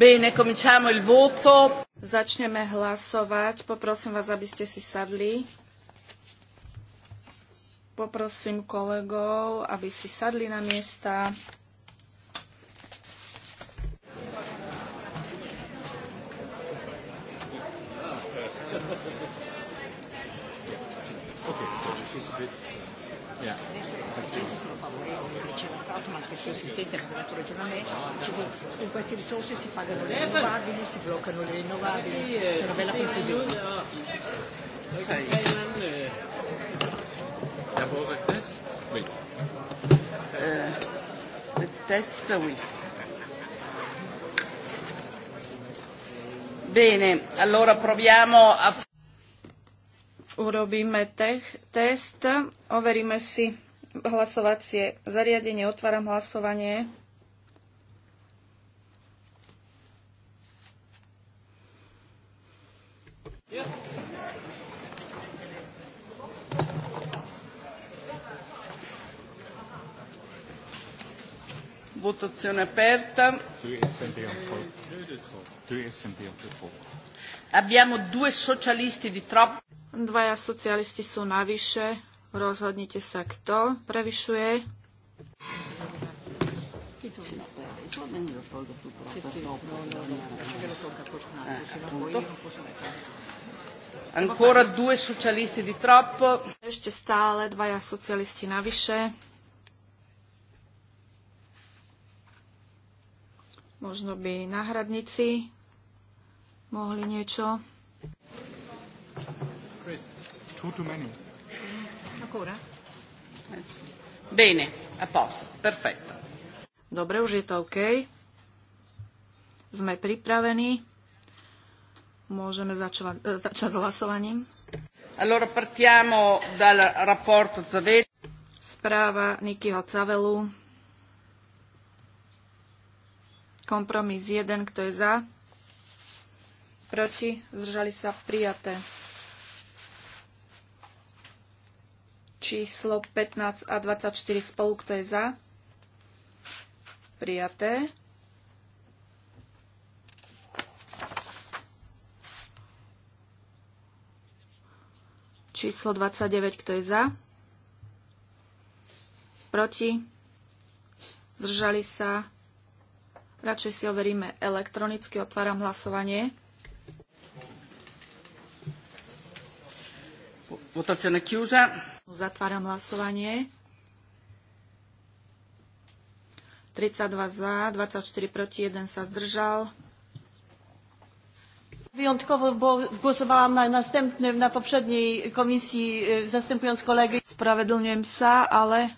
S2: Bene, cominciamo il voto. Začneme hlasovať. Poprosím vás, aby ste si sadli. Poprosím kolegov, aby si sadli na miesta. risorse si pagano le rinnovabili, si bloccano le rinnovabili, c'è una bella confusione. No.
S1: D'abord le test eh, test, oui.
S2: Bene, allora proviamo a... Urobíme te- test, overíme si hlasovacie zariadenie, otváram hlasovanie.
S1: Votazione aperta.
S2: E e Abbiamo due socialisti di troppo. Dvaja socialisti sú navyše. Rozhodnite sa, kto prevyšuje. Sì,
S1: sì, no, no, no, Ancora
S2: due socialisti di troppo. Ešte stále dvaja socialisti navyše. Možno by náhradníci mohli niečo.
S3: Chris, two too many.
S1: Ancora?
S2: Bene, a
S1: posto, perfetto.
S2: Dobre, už je to OK. Sme pripravení. Môžeme e, začať, začať hlasovaním.
S1: Allora partiamo dal rapporto Zavetti.
S2: Správa Nikyho Cavelu. Kompromis 1, kto je za? Proti? Zdržali sa prijaté. Číslo 15 a 24 spolu, kto je za? Prijaté. Číslo 29, kto je za? Proti? Zdržali sa? Radšej si overíme elektronicky. Otváram hlasovanie. na chiusa. Zatváram hlasovanie. 32 za, 24 proti, 1 sa zdržal. Wyjątkowo, bo głosowałam na następnym, na poprzedniej komisji, zastępując kolegę. Spravedlňujem sa, ale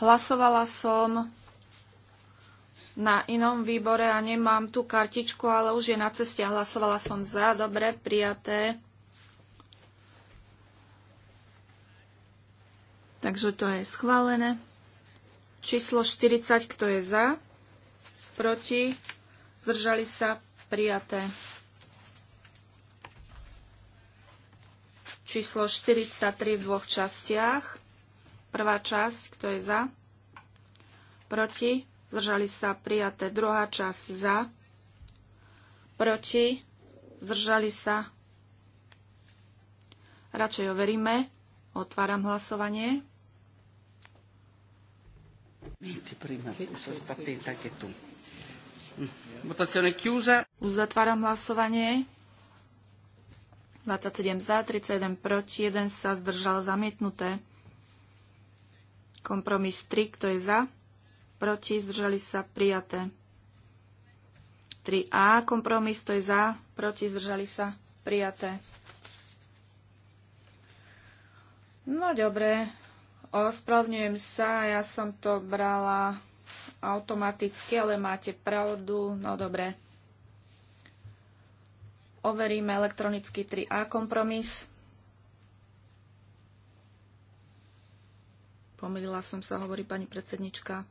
S2: hlasovala som na inom výbore a nemám tu kartičku, ale už je na ceste. Hlasovala som za, dobre, prijaté. Takže to je schválené. Číslo 40, kto je za? Proti? Zdržali sa? Prijaté. číslo 43 v dvoch častiach. Prvá časť, kto je za? Proti? Zdržali sa prijaté. Druhá časť za? Proti? Zdržali sa? Radšej overíme. Otváram hlasovanie. Uzatváram hlasovanie. 27 za, 31 proti, 1 sa zdržal zamietnuté. Kompromis 3, kto je za, proti, zdržali sa prijaté. 3a, kompromis, to je za, proti, zdržali sa prijaté. No dobre, ospravňujem sa, ja som to brala automaticky, ale máte pravdu, no dobre. Overíme elektronicky 3A kompromis. Pomýlila som sa, hovorí pani predsednička.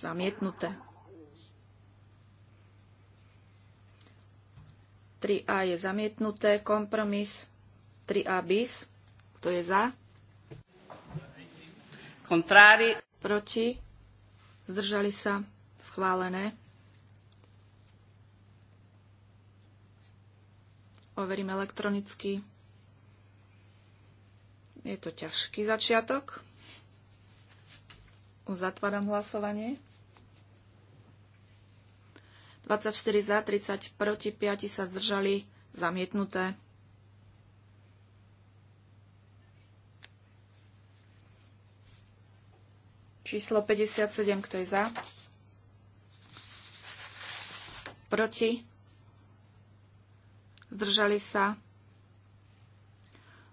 S2: Zamietnuté. 3A je zamietnuté, kompromis 3A bis. Kto je za? Kontrári. Proti. Zdržali sa. Schválené. overím elektronicky. Je to ťažký začiatok. Uzatváram hlasovanie. 24 za, 30 proti, 5 sa zdržali, zamietnuté. Číslo 57, kto je za? Proti? zdržali sa.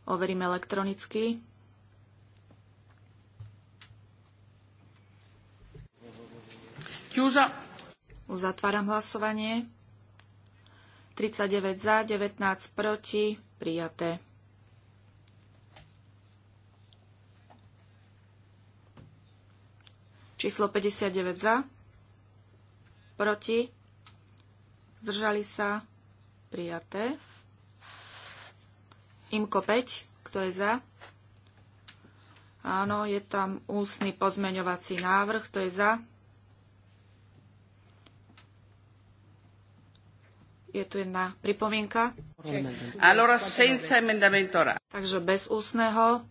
S2: Overím elektronicky. Kiuža. Uzatváram hlasovanie. 39 za, 19 proti, prijaté. Číslo 59 za, proti, zdržali sa, Prijaté. Imko 5. Kto je za? Áno, je tam ústny pozmeňovací návrh. Kto je za? je tu jedna pripomienka.
S1: Allora senza
S2: Takže bez ústneho.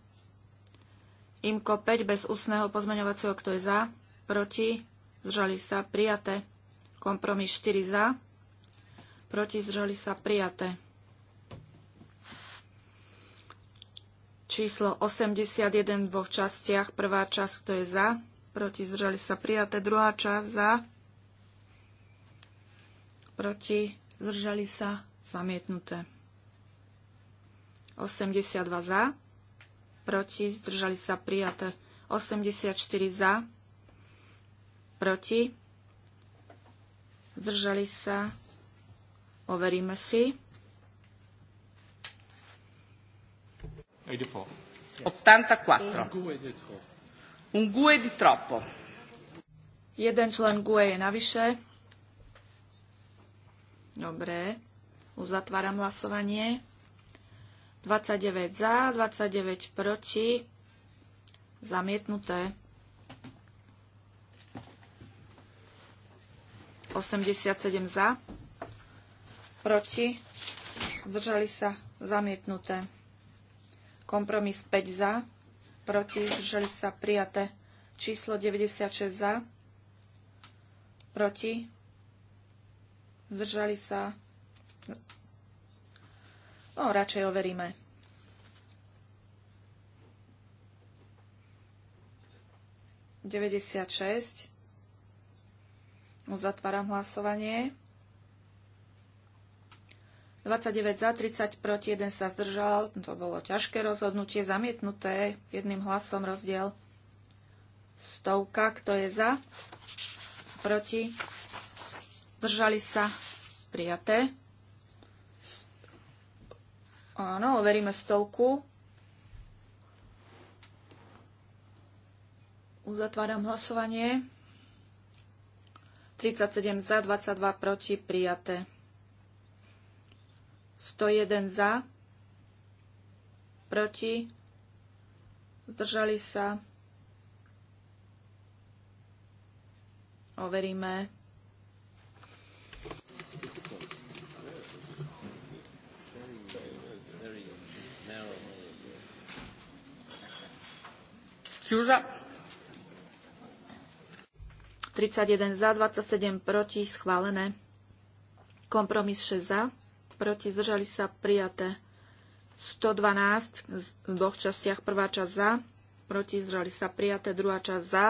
S2: Imko 5 bez ústneho pozmeňovacieho, kto je za, proti, Zžali sa, prijaté. Kompromis 4 za, proti zdržali sa prijaté. Číslo 81 v dvoch častiach. Prvá časť, to je za, proti zdržali sa prijaté. Druhá časť za, proti zdržali sa zamietnuté. 82 za, proti zdržali sa prijaté. 84 za, proti zdržali sa Overíme si.
S3: 84.
S1: Un GUE di troppo.
S2: Jeden člen GUE je navyše. Dobre. Uzatváram hlasovanie. 29 za, 29 proti. Zamietnuté. 87 za proti, zdržali sa zamietnuté. Kompromis 5 za, proti, zdržali sa prijaté. Číslo 96 za, proti, zdržali sa. No, radšej overíme. 96. šesť. Uzatváram hlasovanie. 29 za, 30 proti, 1 sa zdržal. To bolo ťažké rozhodnutie, zamietnuté jedným hlasom rozdiel. Stovka, kto je za, proti, zdržali sa, prijaté. Áno, overíme stovku. Uzatváram hlasovanie. 37 za, 22 proti, prijaté. 101 za, proti, zdržali sa. Overíme. Čuža. 31 za, 27 proti, schválené. Kompromis 6 za proti, zdržali sa prijaté. 112 v dvoch častiach, prvá časť za, proti, zdržali sa prijaté, druhá časť za,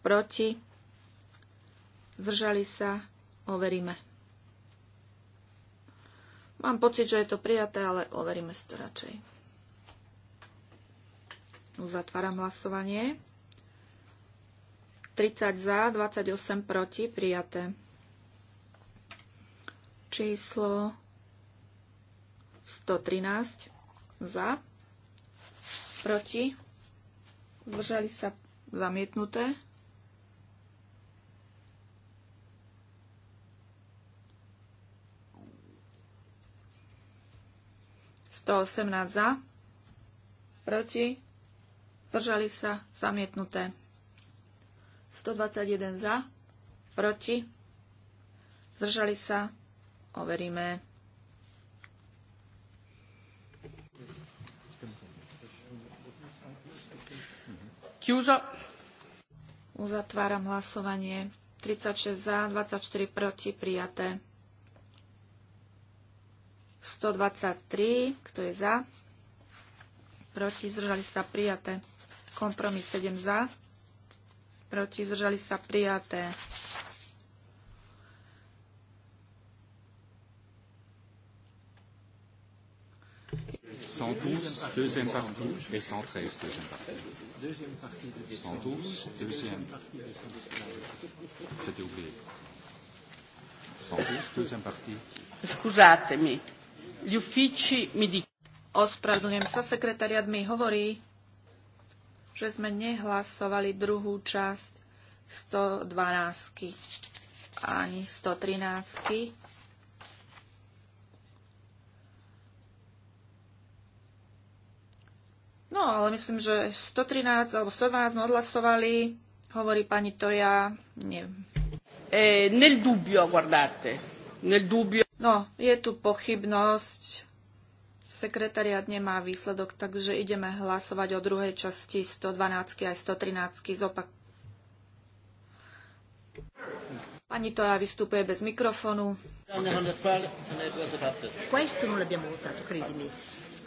S2: proti, zdržali sa, overíme. Mám pocit, že je to prijaté, ale overíme si to radšej. Uzatváram hlasovanie. 30 za, 28 proti, prijaté číslo 113 za, proti, zdržali sa zamietnuté. Sto osemnáct za, proti, zdržali sa zamietnuté. 121 za, proti, zdržali sa overíme. Kiuža. Uzatváram hlasovanie. 36 za, 24 proti, prijaté. 123, kto je za? Proti, zdržali sa, prijaté. Kompromis 7 za, proti, zdržali sa, prijaté.
S3: 112, deuxième partie, et 113, deuxième partie. 112, deuxième. C'était oublié. 112, deuxième partie.
S2: gli uffici mi dicono. Ospravedlňujem sa, sekretariat mi hovorí, že sme nehlasovali druhú časť 112 ani 113. No, ale myslím, že 113 alebo 112 sme odhlasovali, hovorí pani Toja, nie. E, nel dubio,
S1: guardate. Nel dubio.
S2: No, je tu pochybnosť. Sekretariat nemá výsledok, takže ideme hlasovať o druhej časti 112 aj 113 zopak. Pani Toja vystupuje bez mikrofonu. Okay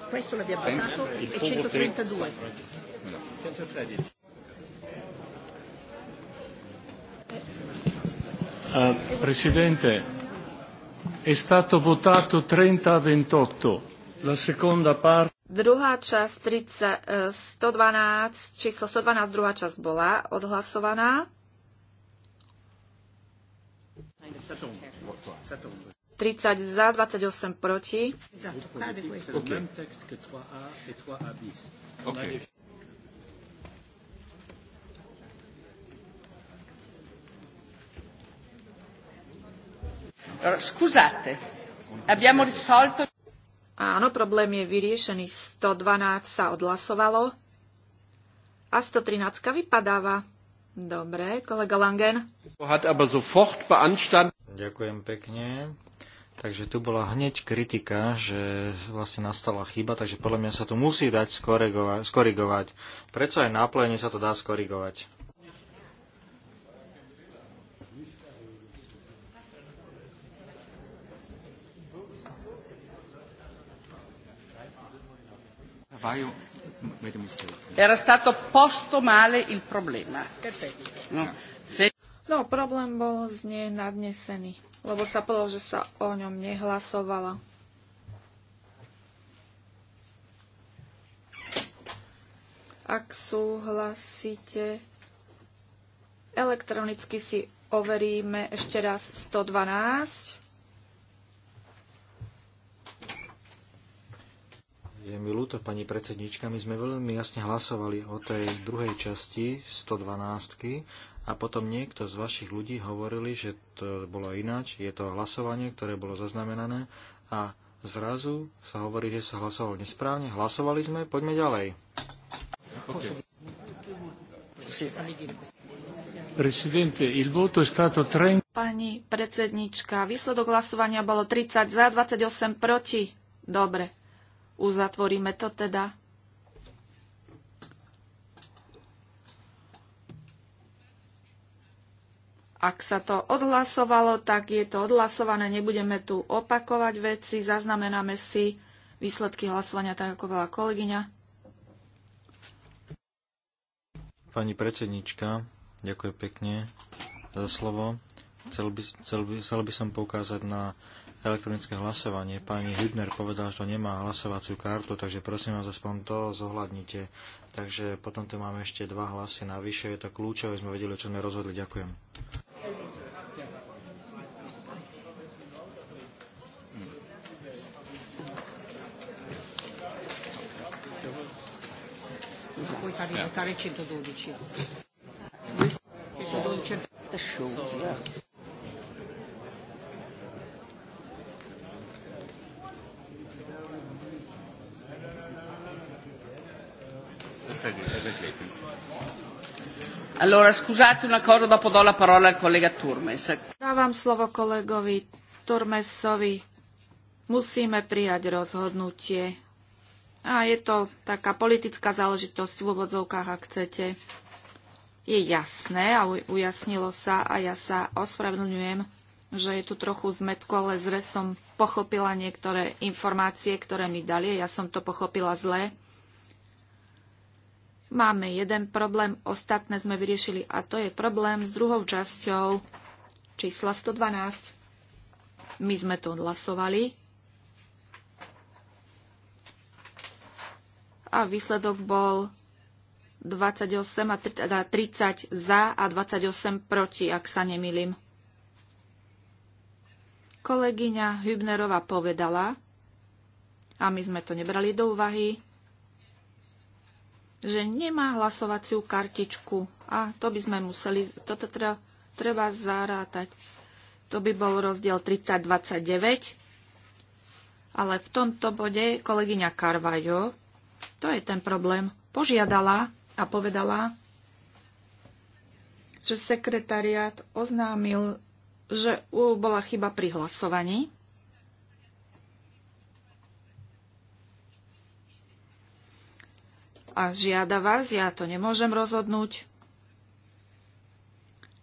S2: questo l'abbiamo votato e 132.
S1: 113.
S3: Uh,
S4: Presidente, è stato votato 30 a 28. La
S2: seconda parte. Druhá časť 30, 112, eh, číslo 112, druhá časť bola odhlasovaná. 30 za, 28 proti. Okay. Scusate, abbiamo risolto... Áno, problém je vyriešený. 112 sa odhlasovalo a 113 vypadáva. Dobre, kolega Langen.
S3: Ďakujem pekne. Takže tu bola hneď kritika, že vlastne nastala chyba, takže podľa mňa sa to musí dať skorigovať. skorigovať. Prečo aj náplenie sa to dá skorigovať? Era
S1: stato posto male il
S2: problema. No. Se... No, problém bol z nej nadnesený, lebo sa povedalo, že sa o ňom nehlasovala. Ak súhlasíte, elektronicky si overíme ešte raz 112.
S3: Je mi ľúto, pani predsednička, my sme veľmi jasne hlasovali o tej druhej časti 112 a potom niekto z vašich ľudí hovorili, že to bolo ináč, je to hlasovanie, ktoré bolo zaznamenané a zrazu sa hovorí, že sa hlasoval nesprávne. Hlasovali sme, poďme ďalej. Okay.
S2: Pani predsednička, výsledok hlasovania bolo 30 za, 28 proti. Dobre, uzatvoríme to teda. Ak sa to odhlasovalo, tak je to odhlasované. Nebudeme tu opakovať veci, zaznamenáme si výsledky hlasovania, tak ako bola kolegyňa.
S3: Pani predsednička, ďakujem pekne za slovo. Chcel by, chcel by, chcel by som poukázať na elektronické hlasovanie. Pani Hübner povedala, že to nemá hlasovaciu kartu, takže prosím vás, aspoň to zohľadnite. Takže potom tu máme ešte dva hlasy navyše. Je to kľúčové, sme vedeli, čo sme rozhodli. Ďakujem
S1: poi farli yeah. votare 112.
S2: 112. Aspetta,
S1: aspetta, aspetta. Allora, scusate una cosa, dopo do la parola al collega Turmes.
S2: Dávam slovo kolegovi Turmesovi. Musíme prijať rozhodnutie. A je to taká politická záležitosť v úvodzovkách, ak chcete. Je jasné a ujasnilo sa a ja sa ospravedlňujem, že je tu trochu zmetko, ale zre som pochopila niektoré informácie, ktoré mi dali. Ja som to pochopila zle Máme jeden problém, ostatné sme vyriešili a to je problém s druhou časťou čísla 112. My sme to hlasovali a výsledok bol 28 a 30 teda za a 28 proti, ak sa nemýlim. Kolegyňa Hübnerová povedala, a my sme to nebrali do úvahy, že nemá hlasovaciu kartičku. A to by sme museli, toto treba, treba zarátať. To by bol rozdiel 3029. Ale v tomto bode kolegyňa Karvajo, to je ten problém, požiadala a povedala, že sekretariat oznámil, že bola chyba pri hlasovaní a žiada vás, ja to nemôžem rozhodnúť.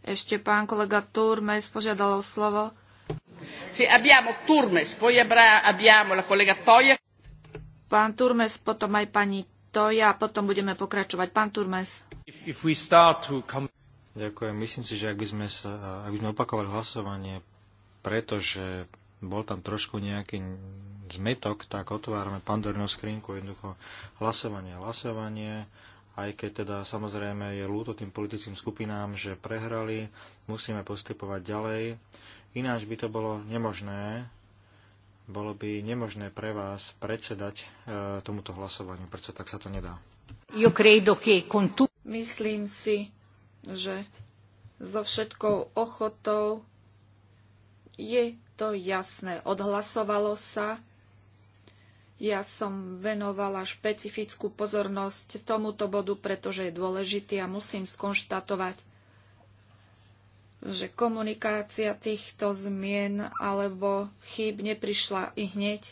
S2: Ešte pán kolega Turmes požiadal o slovo. Si abbiamo Turmes, poi abbiamo la kolega Toja. Pán Turmes, potom aj pani Toja, potom budeme pokračovať. Pán Turmes.
S3: If, if we start to come... Ďakujem. Myslím si, že ak by sme, sa, ak by sme opakovali hlasovanie, pretože bol tam trošku nejaký zmetok, tak otvárame pandornú skrinku, jednoducho hlasovanie, hlasovanie, aj keď teda samozrejme je ľúto tým politickým skupinám, že prehrali, musíme postupovať ďalej. Ináč by to bolo nemožné, bolo by nemožné pre vás predsedať e, tomuto hlasovaniu, prečo tak sa to nedá.
S2: Myslím si, že so všetkou ochotou je to jasné. Odhlasovalo sa ja som venovala špecifickú pozornosť tomuto bodu, pretože je dôležitý a musím skonštatovať, že komunikácia týchto zmien alebo chýb neprišla i hneď.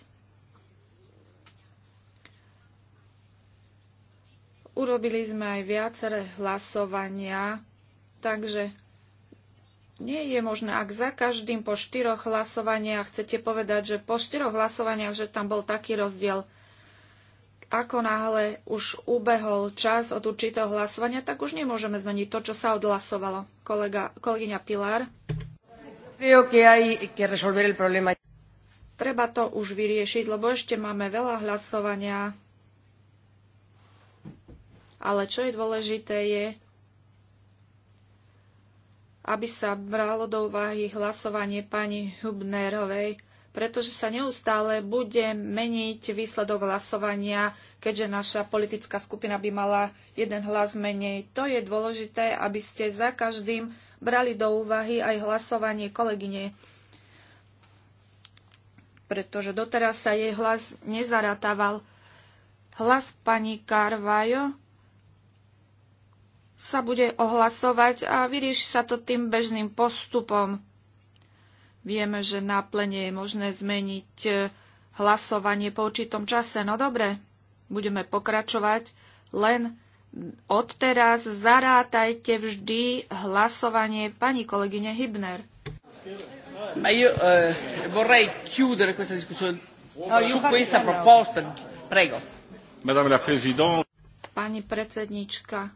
S2: Urobili sme aj viaceré hlasovania, takže nie je možné, ak za každým po štyroch hlasovaniach chcete povedať, že po štyroch hlasovaniach, že tam bol taký rozdiel, ako náhle už ubehol čas od určitého hlasovania, tak už nemôžeme zmeniť to, čo sa odhlasovalo. Kolega, kolegyňa Pilar. Treba to už vyriešiť, lebo ešte máme veľa hlasovania. Ale čo je dôležité je, aby sa bralo do úvahy hlasovanie pani Hubnerovej, pretože sa neustále bude meniť výsledok hlasovania, keďže naša politická skupina by mala jeden hlas menej. To je dôležité, aby ste za každým brali do úvahy aj hlasovanie kolegyne, pretože doteraz sa jej hlas nezaratával. Hlas pani Carvajo sa bude ohlasovať a vyrieši sa to tým bežným postupom. Vieme, že na plene je možné zmeniť e, hlasovanie po určitom čase. No dobre, budeme pokračovať, len odteraz zarátajte vždy hlasovanie pani kolegyne Hybner. Ma
S1: io eh, vorrei chiudere questa discussione no, su questa proposta. Prego. Madame la Presidente.
S2: Pani predsednička,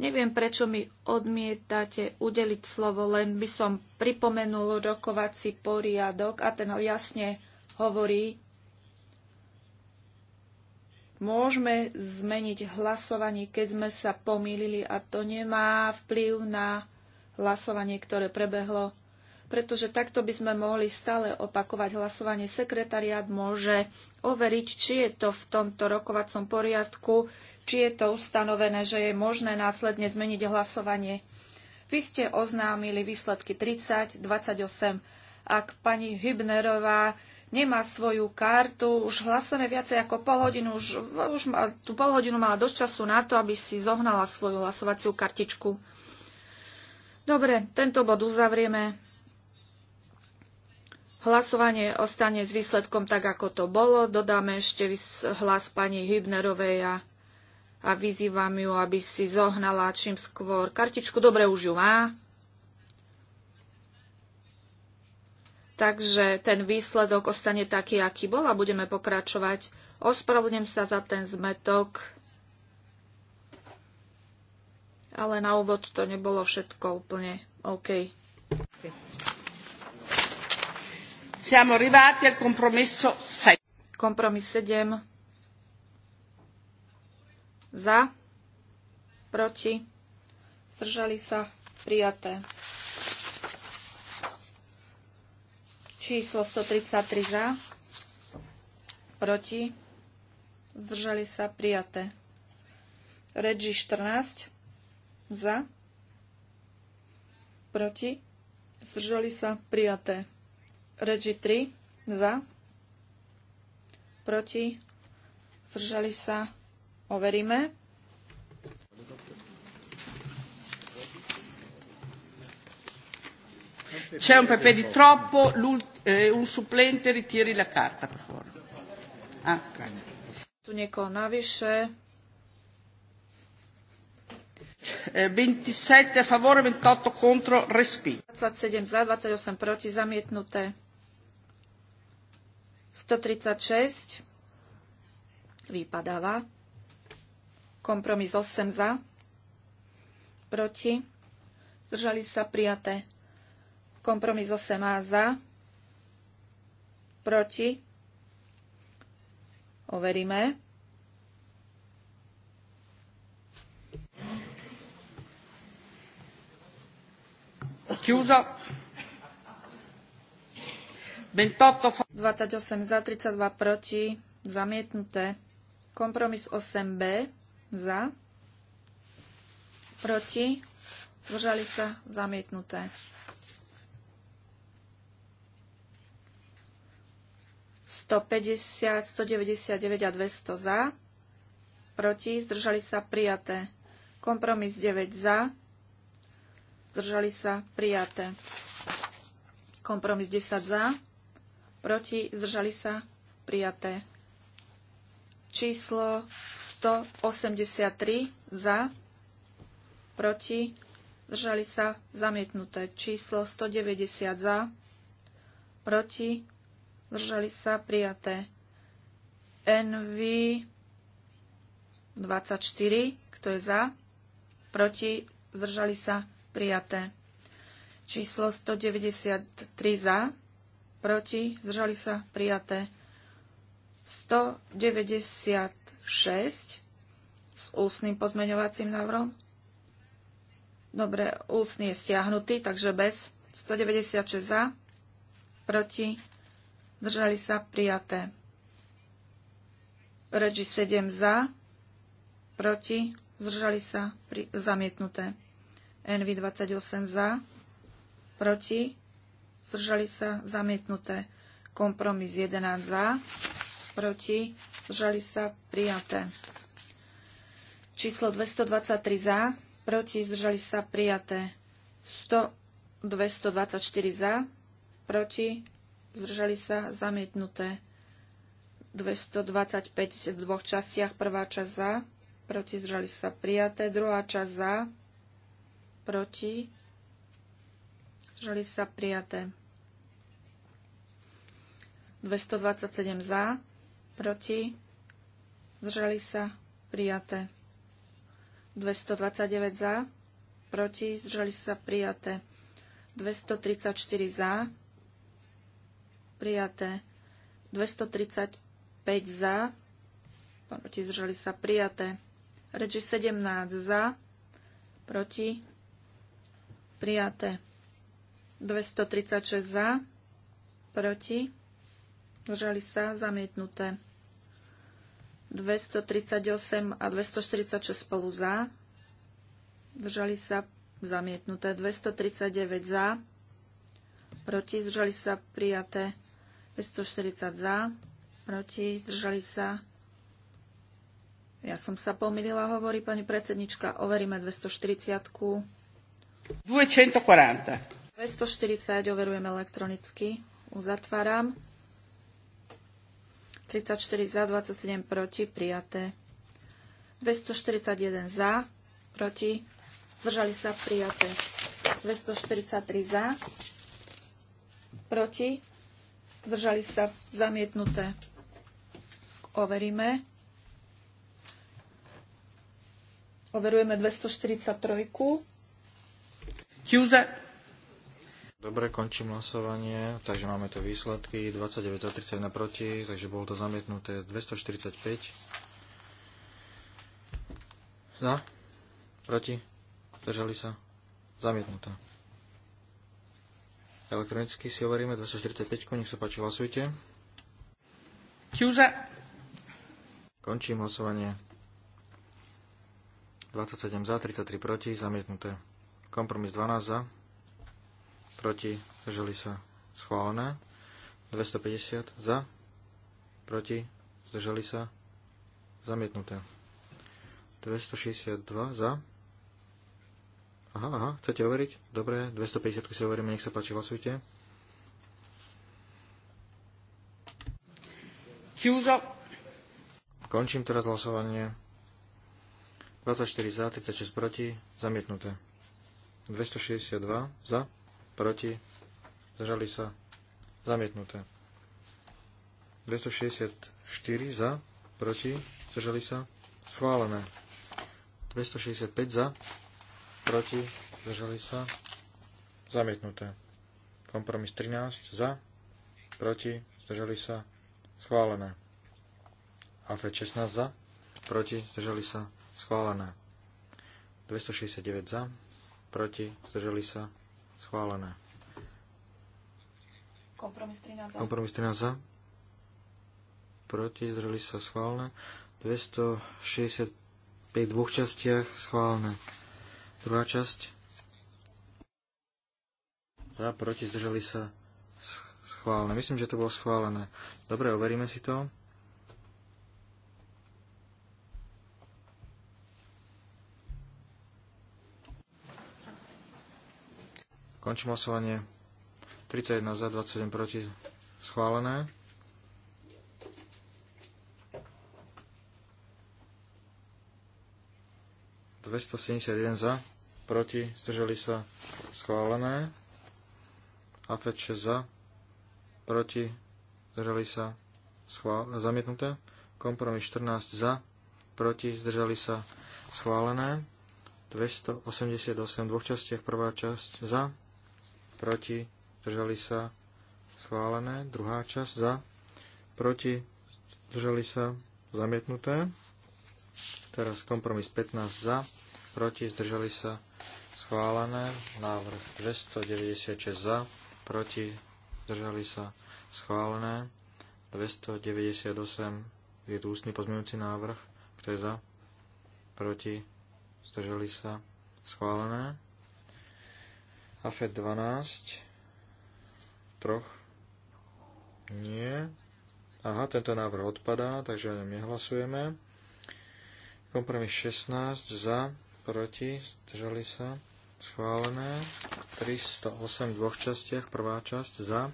S2: Neviem, prečo mi odmietate udeliť slovo, len by som pripomenul rokovací poriadok a ten jasne hovorí, môžeme zmeniť hlasovanie, keď sme sa pomýlili a to nemá vplyv na hlasovanie, ktoré prebehlo pretože takto by sme mohli stále opakovať hlasovanie. Sekretariát môže overiť, či je to v tomto rokovacom poriadku, či je to ustanovené, že je možné následne zmeniť hlasovanie. Vy ste oznámili výsledky 30, 28. Ak pani Hybnerová nemá svoju kartu, už hlasujeme viacej ako pol hodinu, už, už ma, tú pol hodinu mala dosť času na to, aby si zohnala svoju hlasovaciu kartičku. Dobre, tento bod uzavrieme. Hlasovanie ostane s výsledkom tak, ako to bolo. Dodáme ešte hlas pani Hybnerovej a, a vyzývam ju, aby si zohnala čím skôr kartičku. Dobre, už ju má. Takže ten výsledok ostane taký, aký bol a budeme pokračovať. Ospravedlňujem sa za ten zmetok, ale na úvod to nebolo všetko úplne OK.
S1: okay.
S2: Siamo arrivati al compromesso 6. Kompromis 7. Za. Proti. Zdržali sa. Prijaté. Číslo 133 za. Proti. Zdržali sa. Prijaté. Regi 14. Za. Proti. Zdržali sa. Prijaté. Regi 3 za, proti, zdržali sa, overíme.
S1: C'è un pepe di troppo, eh, un supplente ritiri la carta, per favore. Ah, grazie.
S2: Tu niekoho navyše.
S1: 27 eh, a favore, 28 contro, respinto.
S2: 27 za, 28 proti, zamietnuté. 136 vypadáva. Kompromis 8 za, proti, zdržali sa prijaté. Kompromis 8a za, proti, overíme. Chiusa 28 za, 32 proti, zamietnuté. Kompromis 8b za, proti, zdržali sa, zamietnuté. Sto 150, 199 a 200 za, proti, zdržali sa, prijaté. Kompromis 9 za, zdržali sa, prijaté. Kompromis 10 za, proti, zdržali sa, prijaté. Číslo 183 za, proti, zdržali sa, zamietnuté. Číslo 190 za, proti, zdržali sa, prijaté. NV 24, kto je za, proti, zdržali sa, prijaté. Číslo 193 za, proti, zdržali sa, prijaté. 196 s ústnym pozmeňovacím návrhom. Dobre, ústny je stiahnutý, takže bez. 196 za, proti, zdržali sa, prijaté. Reči 7 za, proti, zdržali sa, pri, zamietnuté. NV 28 za, proti, zdržali sa, zamietnuté. Kompromis 11 za, proti, zdržali sa, prijaté. Číslo 223 za, proti, zdržali sa, prijaté. 100, 224 za, proti, zdržali sa, zamietnuté. 225 v dvoch častiach, prvá časť za, proti, zdržali sa, prijaté. Druhá časť za, proti, zdržali sa, prijaté. 227 za, proti, zdržali sa, prijaté. 229 za, proti, zdržali sa, prijaté. 234 za, prijaté. 235 za, proti, zdržali sa, prijaté. Reči 17 za, proti, prijaté. 236 za, proti, Držali sa zamietnuté. 238 a 246 spolu za. držali sa zamietnuté. 239 za. Proti zdržali sa prijaté. 240 za. Proti zdržali sa. Ja som sa pomýlila, hovorí pani predsednička. Overíme 240. 240. 240 overujeme elektronicky. Uzatváram. 34 za, 27 proti, prijaté. 241 za, proti, zdržali sa, prijaté. 243 za, proti, zdržali sa, zamietnuté. Overíme. Overujeme 243.
S3: Chiusa Dobre, končím hlasovanie, takže máme tu výsledky 29 za 31 proti, takže bolo to zamietnuté 245 za, proti, držali sa, zamietnuté. Elektronicky si hovoríme 245, nech sa páči, hlasujte. Čuza. Končím hlasovanie. 27 za, 33 proti, zamietnuté. Kompromis 12 za, proti, zdržali sa schválené. 250 za, proti, zdržali sa zamietnuté. 262 za. Aha, aha, chcete overiť? Dobre, 250 si overíme, nech sa páči, hlasujte. Končím teraz hlasovanie. 24 za, 36 proti, zamietnuté. 262 za, proti, zdržali sa, zamietnuté. 264 za, proti, zdržali sa, schválené. 265 za, proti, zdržali sa, zamietnuté. Kompromis 13 za, proti, zdržali sa, schválené. AFE 16 za, proti, zdržali sa, schválené. 269 za, proti, zdržali sa, Schválené.
S2: Kompromis 13 za. Kompromis
S3: 13 Proti, zreli sa. Schválené. 265 v dvoch častiach. Schválené. Druhá časť. Za, proti, zdržali sa. Schválené. Myslím, že to bolo schválené. Dobre, overíme si to. Končím hlasovanie. 31 za, 27 proti. Schválené. ...271 za, proti, zdržali sa, schválené. AFED 6 za, proti, zdržali sa, schvál- zamietnuté. Kompromis 14 za, proti, zdržali sa, schválené. 288 v dvoch častiach, prvá časť za, proti, zdržali sa, schválené. Druhá časť za, proti, zdržali sa, zamietnuté. Teraz kompromis 15 za, proti, zdržali sa, schválené. Návrh 296 za, proti, zdržali sa, schválené. 298 je tu ústny pozmeňujúci návrh. Kto je za? Proti? Zdržali sa? Schválené. AFED 12. Troch. Nie. Aha, tento návrh odpadá, takže o ňom nehlasujeme. Kompromis 16 za, proti, zdržali sa, schválené. 308 v dvoch častiach, prvá časť za,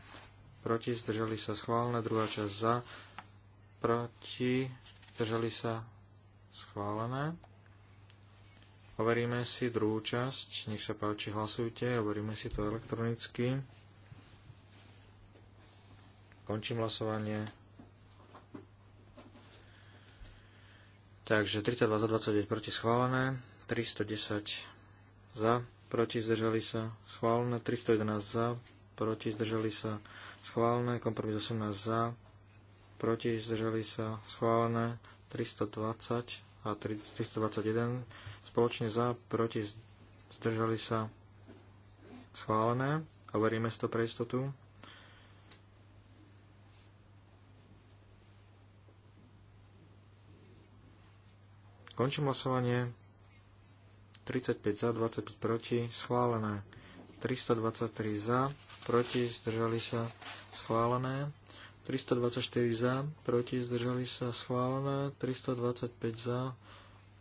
S3: proti, zdržali sa, schválené. Druhá časť za, proti, zdržali sa, schválené. Overíme si druhú časť. Nech sa páči, hlasujte. Overíme si to elektronicky. Končím hlasovanie. Takže 32 za 29 proti schválené. 310 za, proti zdržali sa, schválené. 311 za, proti zdržali sa, schválené. Kompromis 18 za, proti zdržali sa, schválené. 320 a 321 spoločne za, proti, zdržali sa schválené. Overíme si to pre istotu. Končím hlasovanie. 35 za, 25 proti, schválené. 323 za, proti, zdržali sa, schválené. 324 za, proti zdržali sa schválené, 325 za,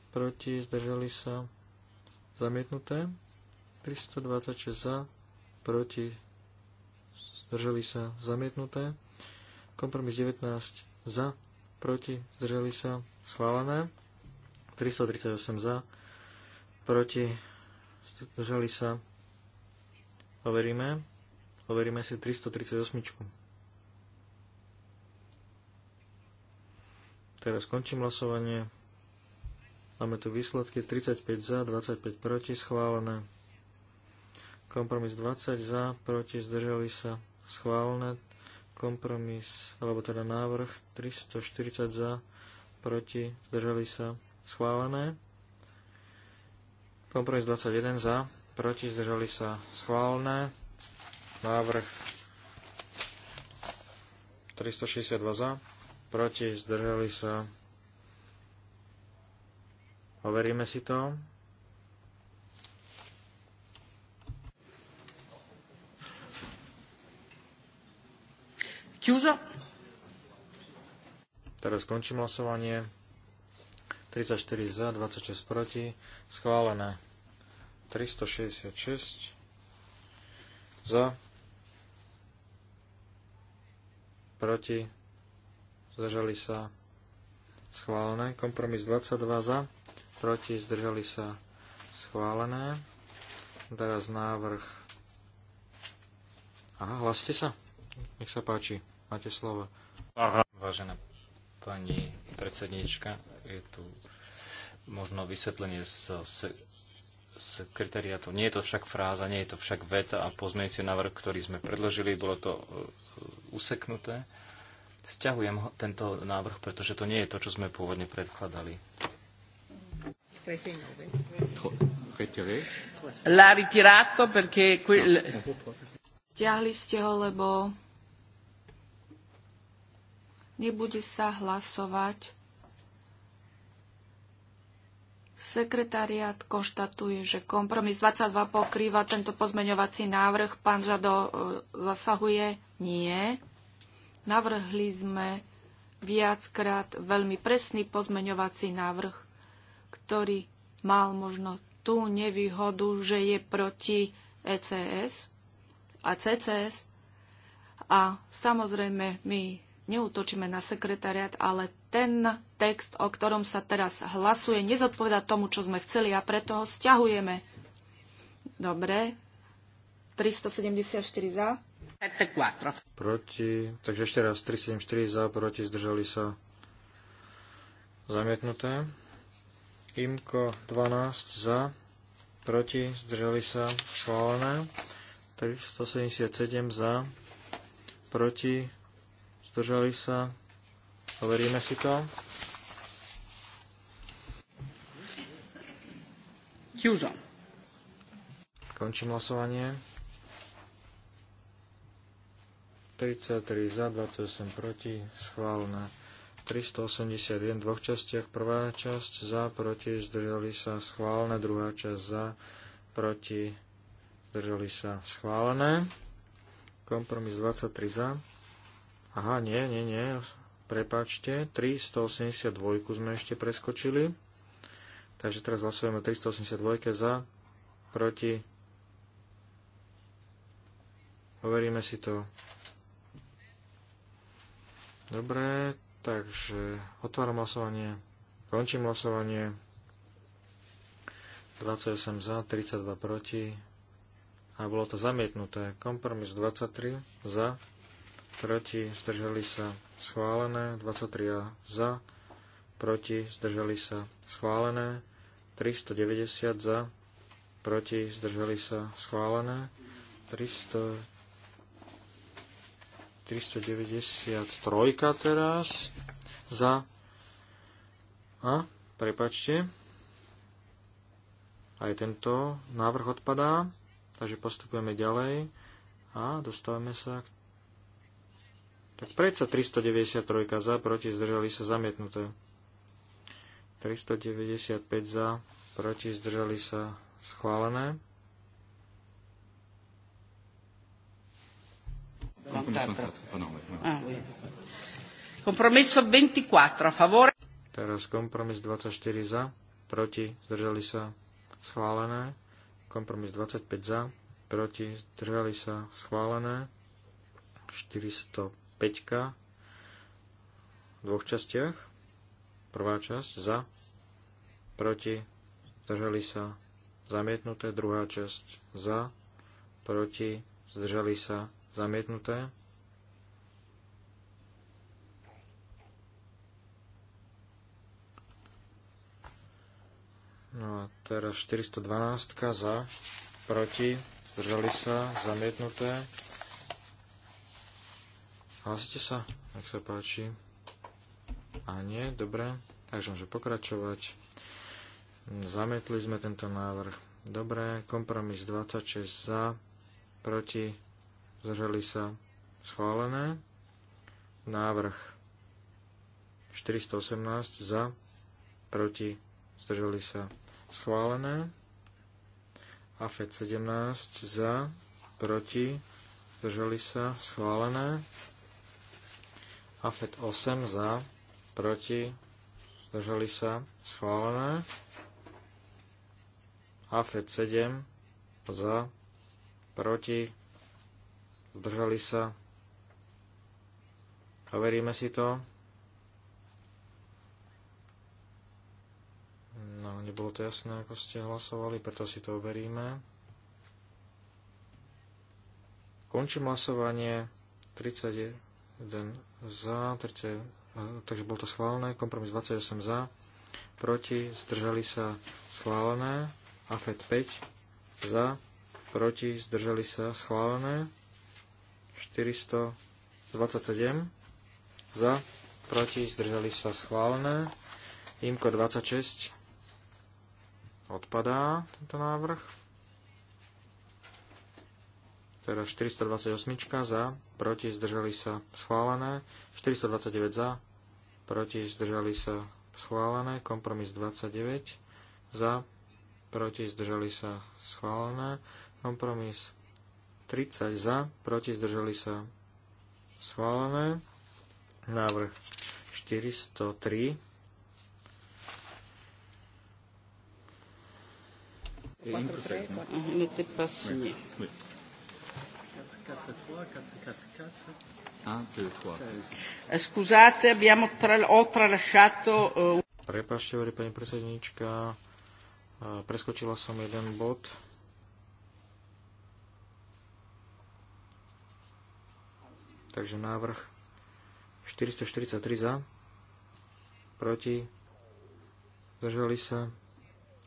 S3: proti zdržali sa zamietnuté, 326 za, proti zdržali sa zamietnuté, kompromis 19 za, proti zdržali sa schválené, 338 za, proti zdržali sa overíme, overíme si 338. Teraz končím hlasovanie. Máme tu výsledky 35 za, 25 proti, schválené. Kompromis 20 za, proti, zdržali sa, schválené. Kompromis, alebo teda návrh 340 za, proti, zdržali sa, schválené. Kompromis 21 za, proti, zdržali sa, schválené. Návrh 362 za, proti, zdržali sa. Overíme si to. Kiuža. Teraz skončím hlasovanie. 34 za, 26 proti. Schválené. 366 za, proti zdržali sa schválené. Kompromis 22 za, proti, zdržali sa schválené. Teraz návrh. Aha, hlaste sa. Nech sa páči, máte slovo.
S4: Aha. Vážená pani predsednička, je tu možno vysvetlenie z sekretariátu. Nie je to však fráza, nie je to však veta a pozmeňujúci návrh, ktorý sme predložili, bolo to e, useknuté. Sťahujem tento návrh, pretože to nie je to, čo sme pôvodne predkladali.
S2: L'ha ritirato perché... Quel... No. Stiahli ste ho, lebo nebude sa hlasovať. Sekretariat konštatuje, že kompromis 22 pokrýva tento pozmeňovací návrh. Pán Žado e, zasahuje? Nie. Navrhli sme viackrát veľmi presný pozmeňovací návrh, ktorý mal možno tú nevýhodu, že je proti ECS a CCS. A samozrejme, my neútočíme na sekretariat, ale ten text, o ktorom sa teraz hlasuje, nezodpoveda tomu, čo sme chceli a preto ho stiahujeme. Dobre. 374 za.
S3: Proti. Takže ešte raz 374 za, proti, zdržali sa. Zamietnuté. Imko 12 za, proti, zdržali sa, schválené. 377 za, proti, zdržali sa. Overíme si to. Končím hlasovanie. 33 za, 28 proti, schválna. 381 v dvoch častiach. Prvá časť za, proti, zdržali sa, schválne, Druhá časť za, proti, zdržali sa, schválené. Kompromis 23 za. Aha, nie, nie, nie. Prepačte, 382 sme ešte preskočili. Takže teraz hlasujeme 382 za, proti. Overíme si to. Dobre, takže otváram hlasovanie, končím hlasovanie. 28 za, 32 proti. A bolo to zamietnuté. Kompromis 23 za, proti, zdržali sa, schválené. 23 za, proti, zdržali sa, schválené. 390 za, proti, zdržali sa, schválené. 300 393 teraz za a prepačte aj tento návrh odpadá takže postupujeme ďalej a dostávame sa k tak predsa 393 za, proti, zdržali sa zamietnuté. 395 za, proti, zdržali sa schválené. Kompromiso 24
S1: ah, no. ah. a favore.
S3: Teraz kompromis 24 za, proti, zdržali sa, schválené. Kompromis 25 za, proti, zdržali sa, schválené. 405 v dvoch častiach. Prvá časť za, proti, zdržali sa, zamietnuté. Druhá časť za, proti, zdržali sa, Zamietnuté. No a teraz 412 za, proti, zdržali sa, zamietnuté. Hlasíte sa, ak sa páči. A nie, dobre, takže môže pokračovať. Zamietli sme tento návrh. Dobre, kompromis 26 za, proti, zdržali sa schválené. Návrh 418 za, proti, zdržali sa schválené. AFED 17 za, proti, zdržali sa schválené. AFED 8 za, proti, zdržali sa schválené. AFED 7 za, proti, zdržali sa. Overíme si to. No, nebolo to jasné, ako ste hlasovali, preto si to overíme. Končím hlasovanie. 31 za, 30, takže bolo to schválené. Kompromis 28 za, proti, zdržali sa schválené. AFED 5 za, proti, zdržali sa schválené. 427 za, proti, zdržali sa schválené. Imko 26 odpadá tento návrh. Teda 428 za, proti, zdržali sa schválené. 429 za, proti, zdržali sa schválené. Kompromis 29 za, proti, zdržali sa schválené. Kompromis 30 za, proti zdržali sa schválené. Návrh 403. No
S1: Scusate, abbiamo tra, ho tralasciato...
S3: Eh, Prepašte, pani predsednička, eh, preskočila som jeden bod. Takže návrh 443 za, proti, zdržali sa,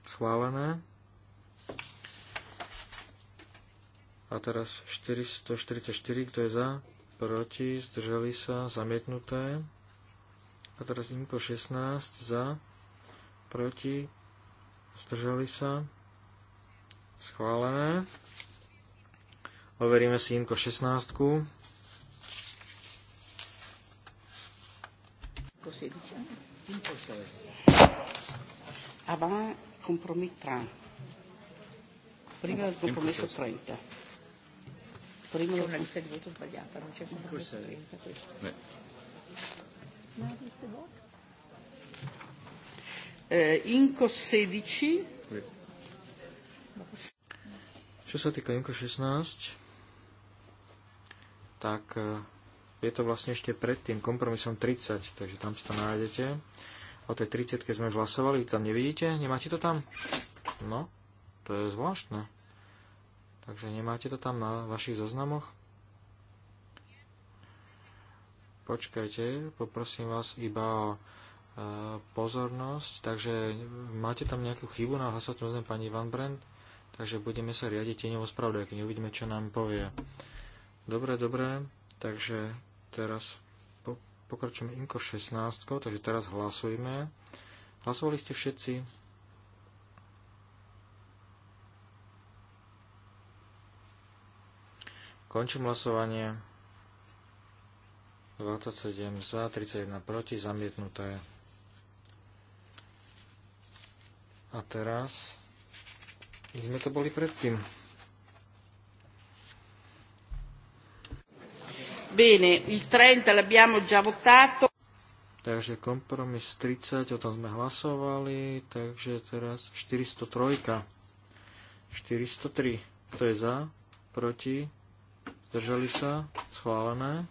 S3: schválené. A teraz 444, kto je za, proti, zdržali sa, zamietnuté. A teraz imko 16 za, proti, zdržali sa, schválené. Overíme si imko 16.
S1: tipo 16. Avant ah, compromis 30. Prima del compromesso 30. Prima c'è una lista di voto sbagliata, non c'è compromesso 30 questo. Eh, Inco 16.
S3: Čo sa týka Inko 16, tak eh, je to vlastne ešte pred tým kompromisom 30, takže tam si to nájdete. O tej 30 sme už hlasovali, tam nevidíte? Nemáte to tam? No, to je zvláštne. Takže nemáte to tam na vašich zoznamoch? Počkajte, poprosím vás iba o e, pozornosť. Takže máte tam nejakú chybu na hlasovacom zozname pani Van Brand? Takže budeme sa riadiť tieňovou spravodajkou. Uvidíme, čo nám povie. Dobre, dobre. Takže Teraz pokračujeme Inko 16, takže teraz hlasujeme. Hlasovali ste všetci? Končím hlasovanie. 27 za, 31 proti, zamietnuté. A teraz, my sme to boli predtým?
S1: Bene, il 30 l'abbiamo già votato.
S3: Takže kompromis 30, o tom sme hlasovali, takže teraz 403. 403, kto je za, proti, zdržali sa, schválené.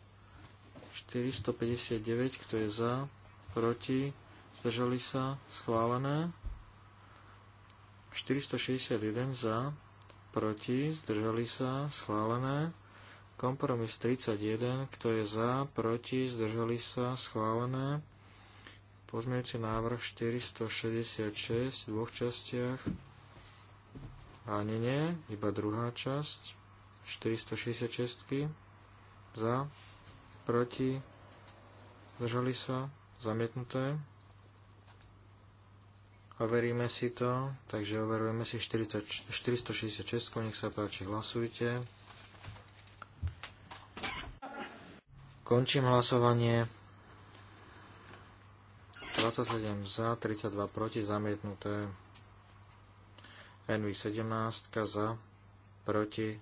S3: 459, kto je za, proti, zdržali sa, schválené. 461 za, proti, zdržali sa, schválené. Kompromis 31, kto je za, proti, zdržali sa, schválené. Pozmeňujúci návrh 466 v dvoch častiach. A nie, nie, iba druhá časť 466 za, proti, zdržali sa, zamietnuté. Overíme si to, takže overujeme si 40, 466, nech sa páči, hlasujte. Končím hlasovanie. 27 za, 32 proti, zamietnuté. NV 17 za, proti,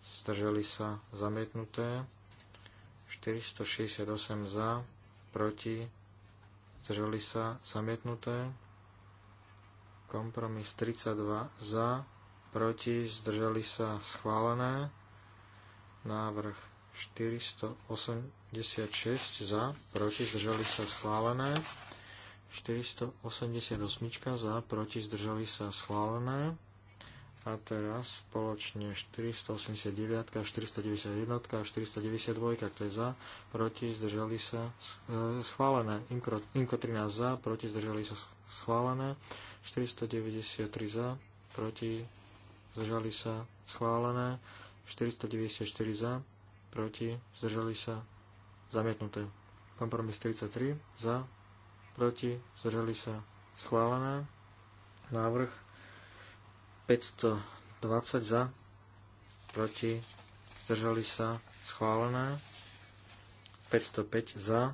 S3: zdrželi sa, zamietnuté. 468 za, proti, zdrželi sa, zamietnuté. Kompromis 32 za, proti, zdrželi sa, schválené. Návrh 408, 456 za, proti, zdržali sa schválené. 488 za, proti, zdržali sa schválené. A teraz spoločne 489, 491, 492, to je za, proti, zdržali sa e, schválené. Inko, Inko 13 za, proti, zdržali sa schválené. 493 za, proti, zdržali sa schválené. 494 za, proti, zdržali sa zamietnuté. Kompromis 33 za, proti, zdržali sa schválené. Návrh 520 za, proti, zdržali sa schválené. 505 za,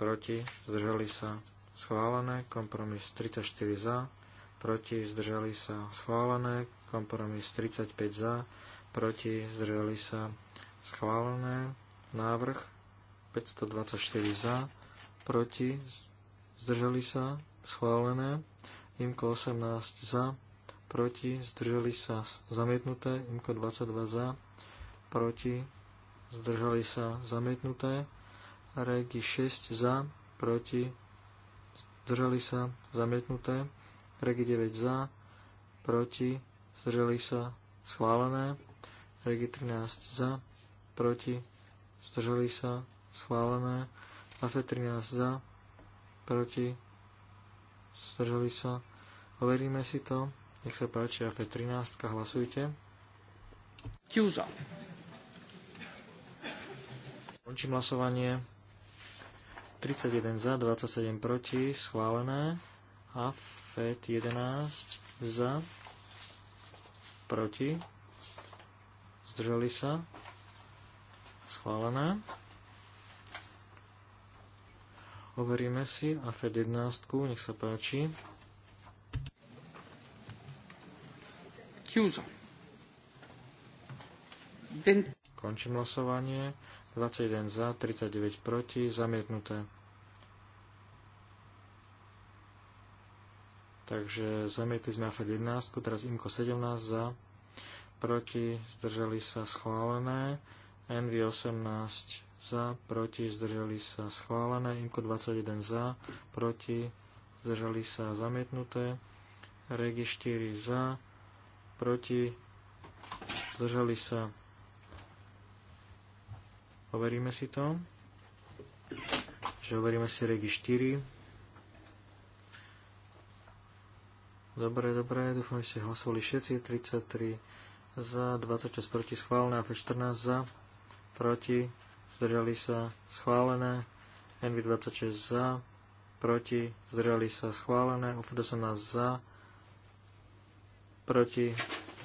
S3: proti, zdržali sa schválené. Kompromis 34 za, proti, zdržali sa schválené. Kompromis 35 za, proti, zdržali sa schválené. Návrh 524 za, proti, zdržali sa, schválené. Imko 18 za, proti, zdržali sa, zamietnuté. Imko 22 za, proti, zdržali sa, zamietnuté. Regi 6 za, proti, zdržali sa, zamietnuté. Regi 9 za, proti, zdržali sa, schválené. Regi 13 za, proti, zdržali sa, schválené. f 13 za, proti, zdržali sa. Overíme si to. Nech sa páči, f 13, hlasujte. Kiuza. Končím hlasovanie. 31 za, 27 proti, schválené. A fet 11 za, proti, zdržali sa, schválené. Overíme si a FED 11, nech sa páči. Chiuso. Končím hlasovanie. 21 za, 39 proti, zamietnuté. Takže zamietli sme AFED 11, teraz IMKO 17 za, proti, zdržali sa schválené, NV 18 za, proti, zdržali sa schválené, IMKO 21 za, proti, zdržali sa zamietnuté, REGI 4 za, proti, zdržali sa, overíme si to, že overíme si REGI 4, Dobre, dobre, dúfam, že ste hlasovali všetci, 33 za, 26 proti schválené, a 14 za, proti, zdržali sa, schválené. NV26 za, proti, zdržali sa, schválené. UF18 za, proti,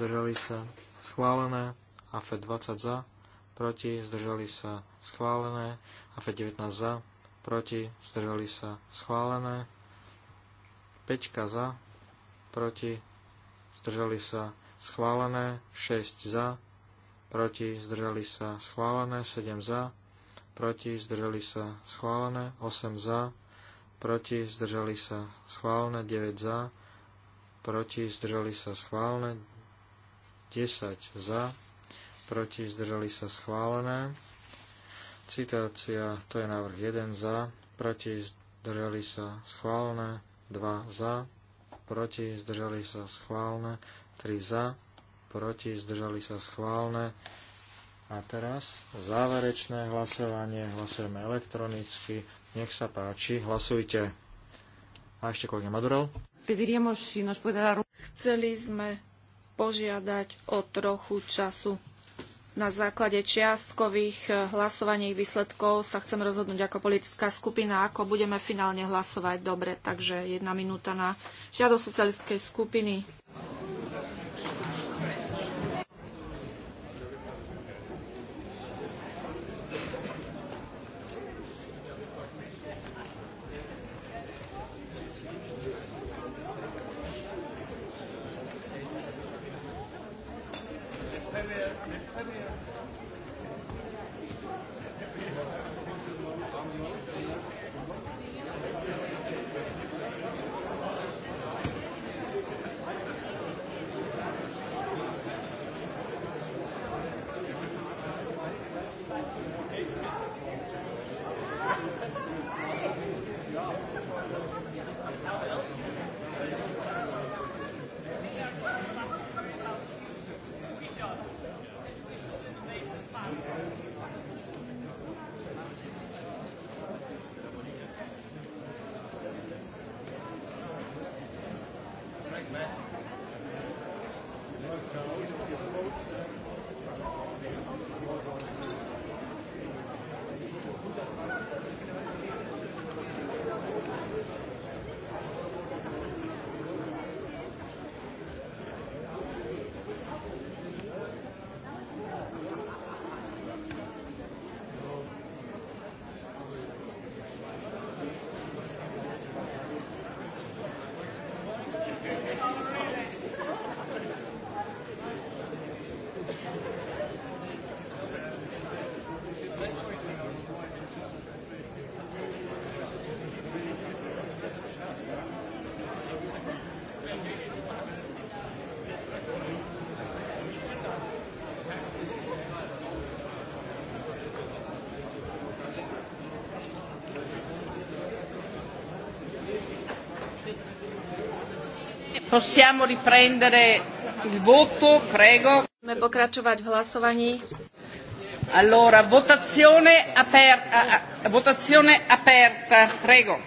S3: zdržali sa, schválené. AF20 za, proti, zdržali sa, schválené. AF19 za, proti, zdržali sa, schválené. 5 za, proti, zdržali sa, schválené. 6 za, proti, zdržali sa, schválené. 7 za, proti, zdržali sa, schválené, 8 za, proti, zdržali sa, schválené, 9 za, proti, zdržali sa, schválené, 10 za, proti, zdržali sa, schválené. Citácia, to je návrh 1 za, proti, zdržali sa, schválené, 2 za, proti, zdržali sa, schválené, 3 za, proti, zdržali sa, schválené, a teraz záverečné hlasovanie. Hlasujeme elektronicky. Nech sa páči, hlasujte. A ešte kolega Madurel.
S2: Chceli sme požiadať o trochu času. Na základe čiastkových eh, hlasovaní výsledkov sa chcem rozhodnúť ako politická skupina, ako budeme finálne hlasovať. Dobre, takže jedna minúta na žiadosť socialistickej skupiny.
S1: Possiamo riprendere il voto, prego. Possiamo pokračovať v hlasovaní. Allora, votazione, aperta, votazione aperta, prego.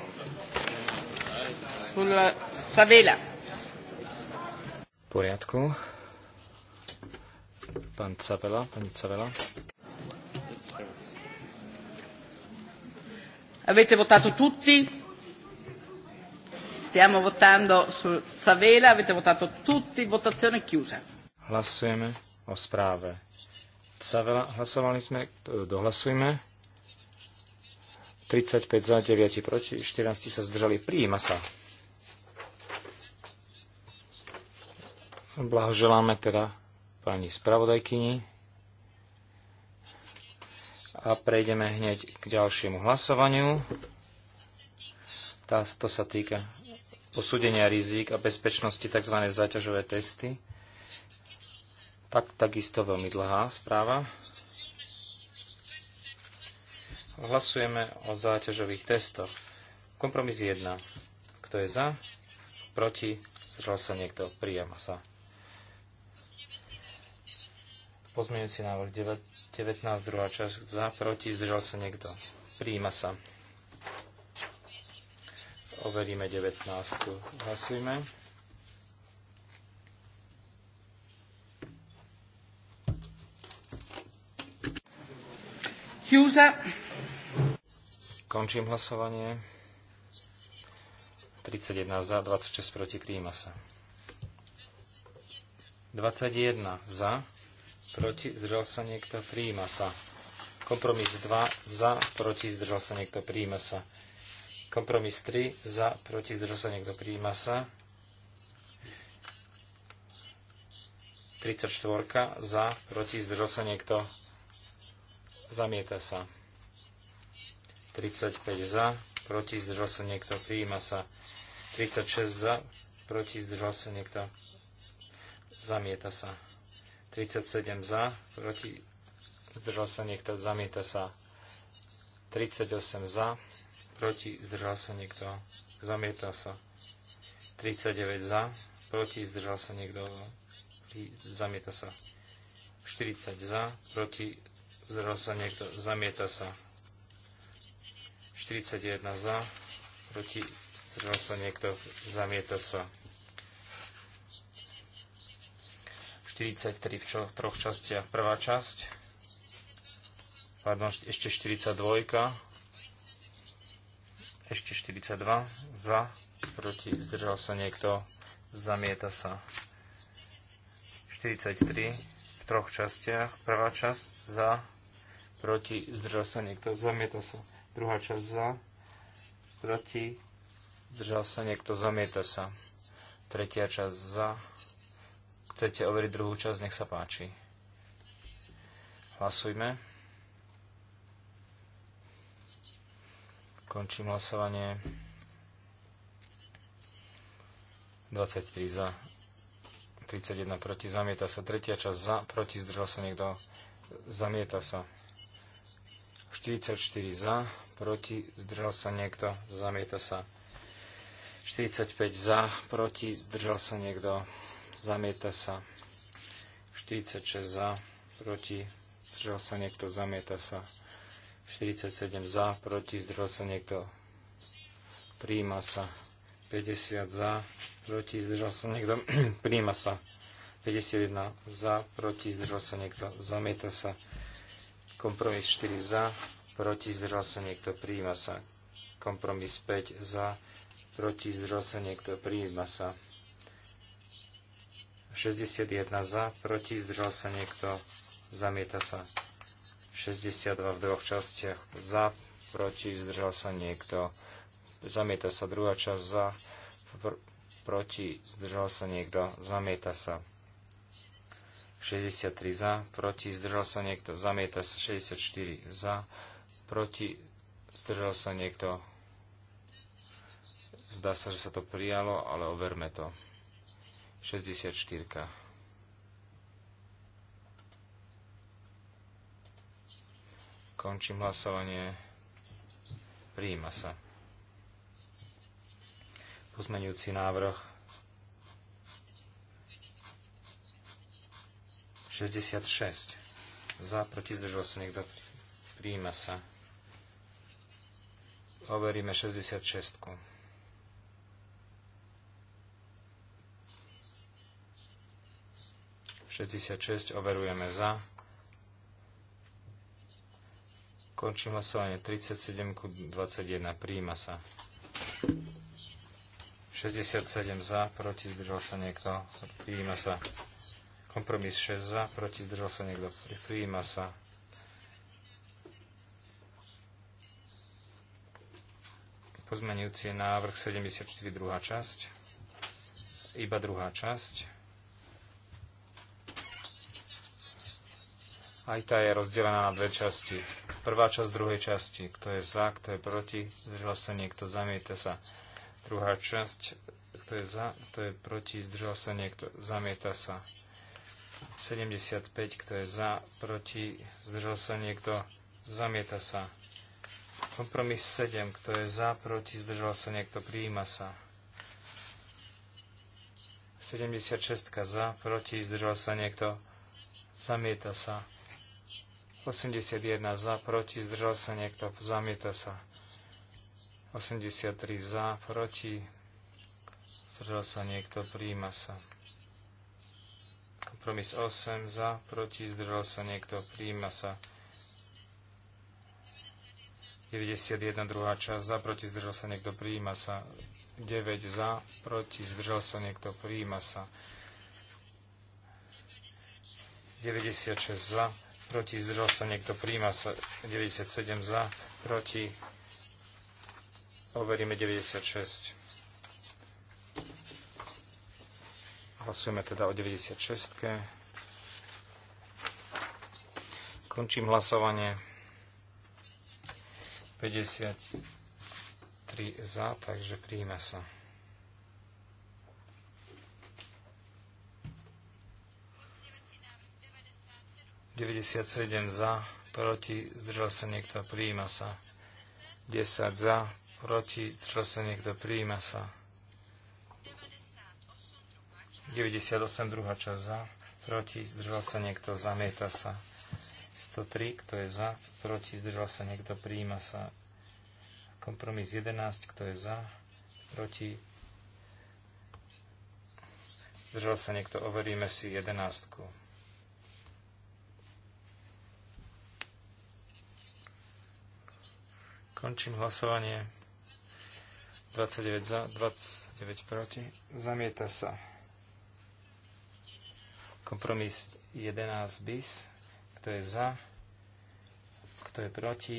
S1: Sulla Savela.
S4: V poriadku. Pán Cavela, pani Cavela.
S1: Avete votato tutti? Stiamo votando su Savela, avete votato tutti, votazione chiusa.
S4: Hlasujeme o správe. Savela, hlasovali sme, e, dohlasujme. 35 za, 9 proti, 14 sa zdržali. Prijíma sa. Blahoželáme teda pani spravodajkyni. A prejdeme hneď k ďalšiemu hlasovaniu. Tá, to sa týka posúdenia rizik a bezpečnosti tzv. záťažové testy. Tak, takisto veľmi dlhá správa. Hlasujeme o záťažových testoch. Kompromis 1. Kto je za? Proti? Zdržal sa niekto? Prijama sa. Pozmeňujúci návrh 19, druhá časť za, proti, zdržal sa niekto. Prijíma sa. Overíme 19. Hlasujme. Chiusa. Končím hlasovanie. 31 za, 26 proti, príjima sa. 21 za, proti, zdržal sa niekto, príjima sa. Kompromis 2 za, proti, zdržal sa niekto, príjima sa. Kompromis 3 za, proti, zdržal sa niekto, prijíma sa. 34 za, proti, zdržal sa niekto, zamieta sa. 35 za, proti, zdržal sa niekto, prijíma sa. 36 za, proti, zdržal sa niekto, zamieta sa. 37 za, proti, zdržal sa niekto, zamieta sa. 38 za, proti, zdržal sa niekto, zamieta sa. 39 za, proti, zdržal sa niekto, zamieta sa. 40 za, proti, zdržal sa niekto, zamieta sa. 41 za, proti, zdržal sa niekto, zamieta sa. 43 v čo, troch častiach. Prvá časť, pardon, ešte 42, ešte 42 za, proti, zdržal sa niekto, zamieta sa. 43 v troch častiach. Prvá časť za, proti, zdržal sa niekto, zamieta sa. Druhá časť za, proti, zdržal sa niekto, zamieta sa. Tretia časť za. Chcete overiť druhú časť? Nech sa páči. Hlasujme. Končím hlasovanie. 23 za, 31 proti, zamieta sa. Tretia časť za, proti, zdržal sa niekto, zamieta sa. 44 za, proti, zdržal sa niekto, zamieta sa. 45 za, proti, zdržal sa niekto, zamieta sa. 46 za, proti, zdržal sa niekto, zamieta sa. 47 za, proti, zdržal sa niekto. Príjma sa. 50 za, proti, zdržal sa niekto. Príjma sa. 51 za, proti, zdržal sa niekto. Zamieta sa. Kompromis 4 za, proti, zdržal sa niekto. Príjma sa. Kompromis 5 za, proti, zdržal sa niekto. Príjma sa. 61 za, proti, zdržal sa niekto. Zamieta sa. 62 v dvoch častiach za, proti, zdržal sa niekto. Zamieta sa druhá časť za, pr- proti, zdržal sa niekto. Zamieta sa 63 za, proti, zdržal sa niekto. Zamieta sa 64 za, proti, zdržal sa niekto. Zdá sa, že sa to prijalo, ale overme to. 64. Končím hlasovanie. Príjima sa. Pozmenujúci návrh 66. Za, proti, zdržal sa niekto. Príjima sa. Overíme 66. Šestdesiat Šesťdesiat šesť overujeme za. Končím hlasovanie 37 ku 21. Príjima sa. 67 za, proti zdržal sa niekto. Príjima sa. Kompromis 6 za, proti zdržal sa niekto. Príjima sa. Pozmenujúci je návrh 74, druhá časť. Iba druhá časť. Aj tá je rozdelená na dve časti Prvá časť druhej časti. Kto je za, kto je proti, zdržal sa niekto, zamieta sa. Druhá časť. Kto je za, kto je proti, zdržal sa niekto, zamieta sa. 75. Kto je za, proti, zdržal sa niekto, zamieta sa. Kompromis 7. Kto je za, proti, zdržal sa niekto, prijíma sa. 76. Za, proti, zdržal sa niekto, zamieta sa. 81 za, proti, zdržal sa niekto, zamieta sa. 83 za, proti, zdržal sa niekto, príjima sa. Kompromis 8 za, proti, zdržal sa niekto, príjima sa. 91 druhá časť za, proti, zdržal sa niekto, príjima sa. 9 za, proti, zdržal sa niekto, príjima sa. 96 za, proti, zdržal sa niekto, príjma sa 97 za, proti, overíme 96. Hlasujeme teda o 96. Končím hlasovanie. 53 za, takže príjme sa. 97 za, proti, zdržal sa niekto, prijíma sa. 10 za, proti, zdržal sa niekto, prijíma sa. 98 druhá časť za, proti, zdržal sa niekto, zamieta sa. 103, kto je za, proti, zdržal sa niekto, prijíma sa. Kompromis 11, kto je za, proti, zdržal sa niekto, overíme si 11. Končím hlasovanie. 29 za, 29 proti. Zamieta sa. Kompromis 11 bis. Kto je za? Kto je proti?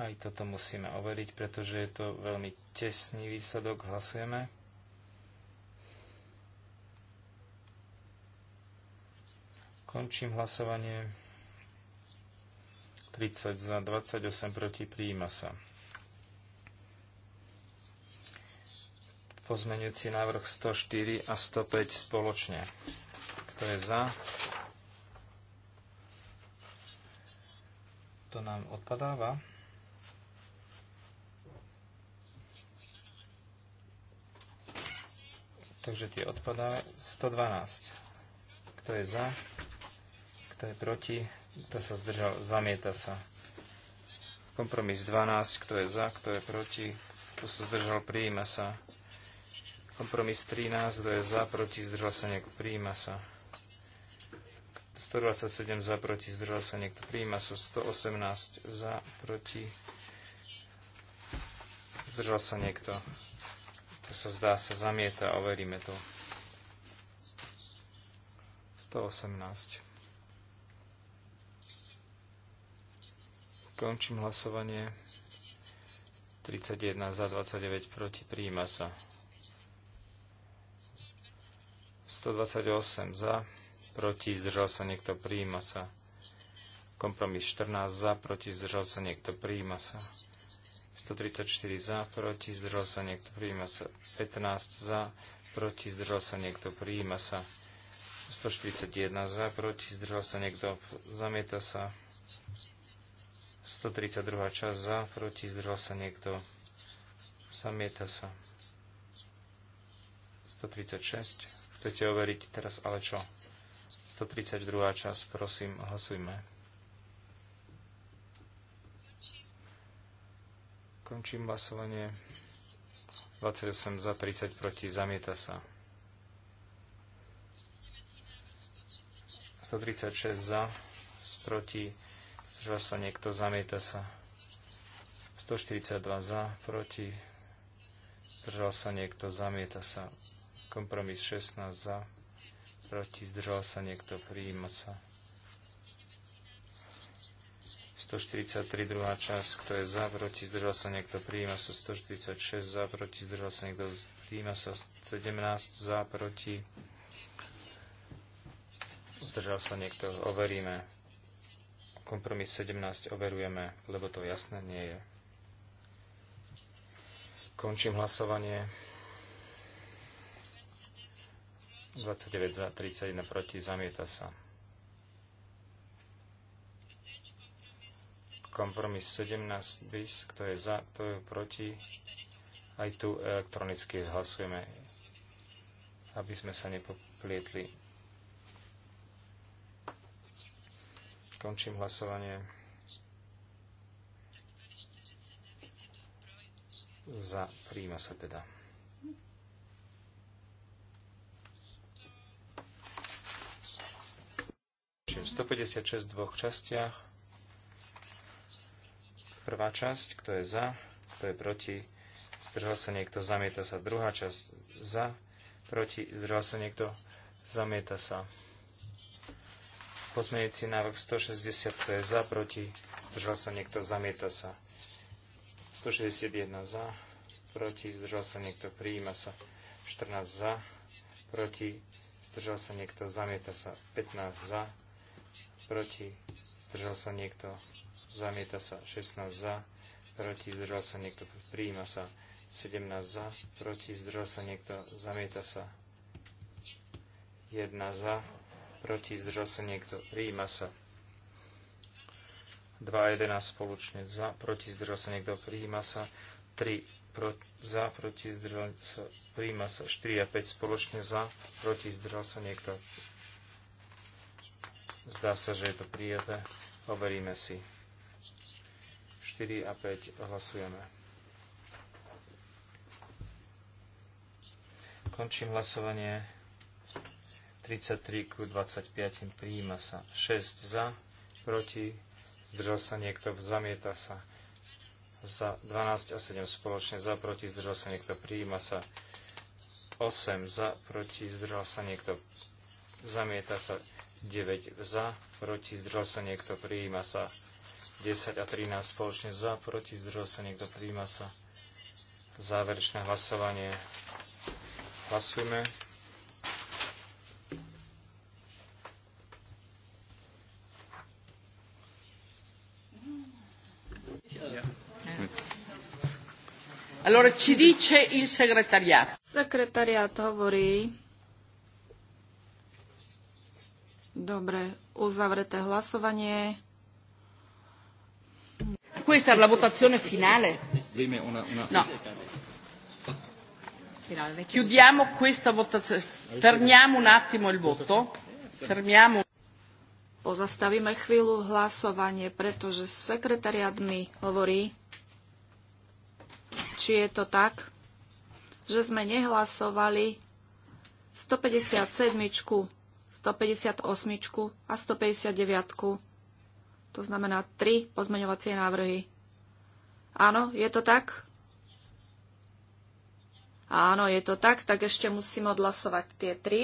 S4: Aj toto musíme overiť, pretože je to veľmi tesný výsledok. Hlasujeme. Končím hlasovanie. 30 za, 28 proti, príjima sa. pozmenujúci návrh 104 a 105 spoločne. Kto je za? To nám odpadáva. Takže tie odpadáva. 112. Kto je za? Kto je proti? Kto sa zdržal? Zamieta sa. Kompromis 12. Kto je za? Kto je proti? Kto sa zdržal? Prijíma sa. Kompromis 13. Kto je za? Proti? Zdržal sa niekto? Prijíma sa. 127 za, proti, zdržal sa niekto. Prijíma sa 118 za, proti, zdržal sa niekto. To sa zdá, sa zamieta, overíme to. 118. Končím hlasovanie. 31 za 29 proti. Príjima sa. 128 za. Proti. Zdržal sa niekto. Príjima sa. Kompromis 14 za. Proti. Zdržal sa niekto. Príjima sa. 134 za. Proti. Zdržal sa niekto. Príjima sa. 15 za. Proti. Zdržal sa niekto. Príjima sa. 141 za. Proti. Zdržal sa niekto. Zamieta sa. 132. čas za, proti, zdržal sa niekto. Zamieta sa. 136. Chcete overiť teraz ale čo? 132. čas, prosím, hlasujme. Končím hlasovanie. 28 za, 30 proti, zamieta sa. 136 za, proti, zdržal sa niekto, zamieta sa. 142 za, proti, zdržal sa niekto, zamieta sa. Kompromis 16 za, proti, zdržal sa niekto, prijíma sa. 143, druhá časť, kto je za, proti, zdržal sa niekto, prijíma sa. 146 za, proti, zdržal sa niekto, prijíma sa. 17 za, proti, zdržal sa niekto, overíme. Kompromis 17 overujeme, lebo to jasné nie je. Končím hlasovanie. 29 za, 31 proti, zamieta sa. Kompromis 17 bis, kto je za, kto je proti. Aj tu elektronicky hlasujeme, aby sme sa nepoplietli. Končím hlasovanie. Za príjma sa teda. Čiže 156 v dvoch častiach. Prvá časť, kto je za, kto je proti, zdržal sa niekto, zamieta sa. Druhá časť za, proti, zdržal sa niekto, zamieta sa pozmeňujúci návrh 160, to je za, proti, zdržal sa niekto, zamieta sa. 161 za, proti, zdržal sa niekto, prijíma sa. 14 za, proti, zdržal sa niekto, zamieta sa. 15 za, proti, zdržal sa niekto, zamieta sa. 16 za, proti, zdržal sa niekto, prijíma sa. 17 za, proti, zdržal sa niekto, zamieta sa. 1 za, proti, zdržal sa niekto, Ríma sa. 2.11 spoločne za, proti, zdržal sa niekto, Ríma sa. 3 pro, za, proti, zdržal sa, Ríma sa. 4 a 5 spoločne za, proti, zdržal sa niekto. Zdá sa, že je to prijaté. Overíme si. 4 a 5 hlasujeme. Končím hlasovanie. 33 ku 25 prijíma sa 6 za, proti, zdržal sa niekto, zamieta sa za 12 a 7 spoločne za, proti, zdržal sa niekto, prijíma sa 8 za, proti, zdržal sa niekto, zamieta sa 9 za, proti, zdržal sa niekto, prijíma sa 10 a 13 spoločne za, proti, zdržal sa niekto, prijíma sa záverečné hlasovanie. Hlasujme.
S1: Allora ci dice il segretariato.
S2: Sekretariat hovorí. Dobre, uzavrete hlasovanie. Questa era la votazione finale.
S4: No.
S1: Chiudiamo
S2: questa votazione. Fermiamo un attimo il voto. Fermiamo. Pozastavíme chvíľu hlasovanie, pretože sekretariat mi hovorí, či je to tak, že sme nehlasovali 157, 158 a 159. To znamená tri pozmeňovacie návrhy. Áno, je to tak? Áno, je to tak, tak ešte musím odhlasovať tie tri.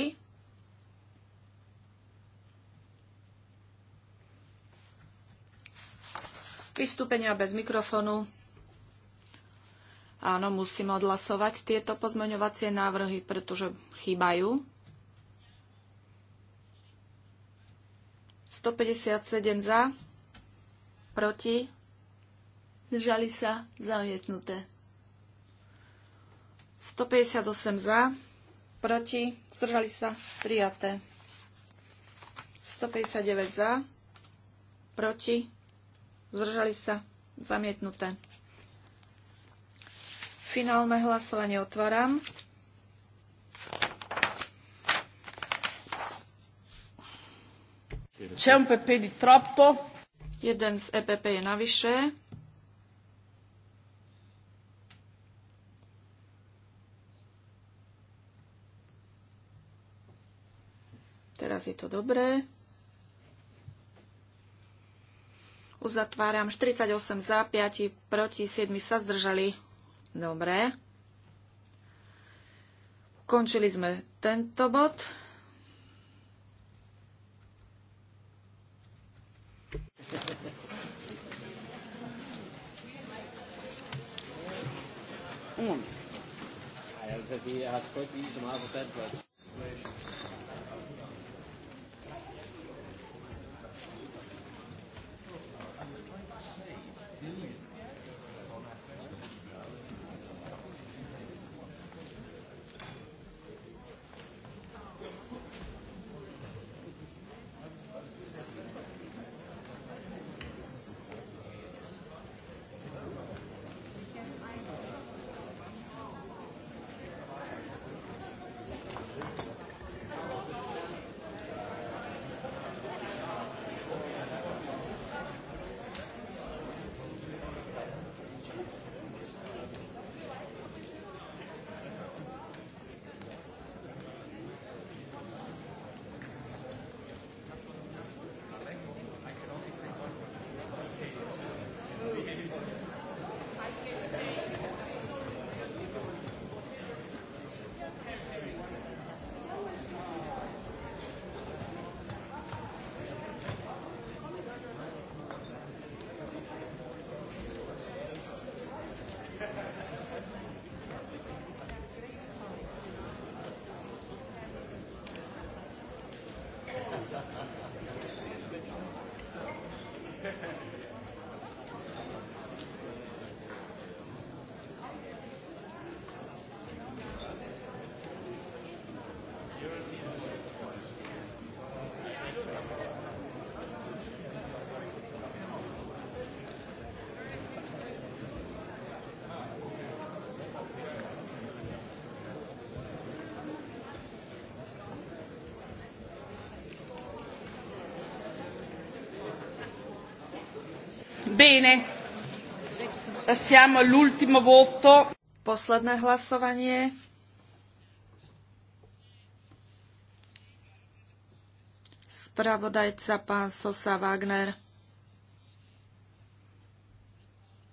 S2: Vystúpenia bez mikrofónu. Áno, musím odhlasovať tieto pozmeňovacie návrhy, pretože chýbajú. 157 za, proti, zdržali sa, zamietnuté. 158 za, proti, zdržali sa, prijaté. 159 za, proti, zdržali sa, zamietnuté. Finálne hlasovanie otváram. C'è un PP di troppo. Jeden z EPP je navyše. Teraz je to dobré. Uzatváram 48 za, 5 proti, 7 sa zdržali. Dobre. Končili sme tento bod.
S3: Un Ja, das heute
S2: Bene. Passiamo all'ultimo voto. Posledné hlasovanie. Spravodajca pán Sosa Wagner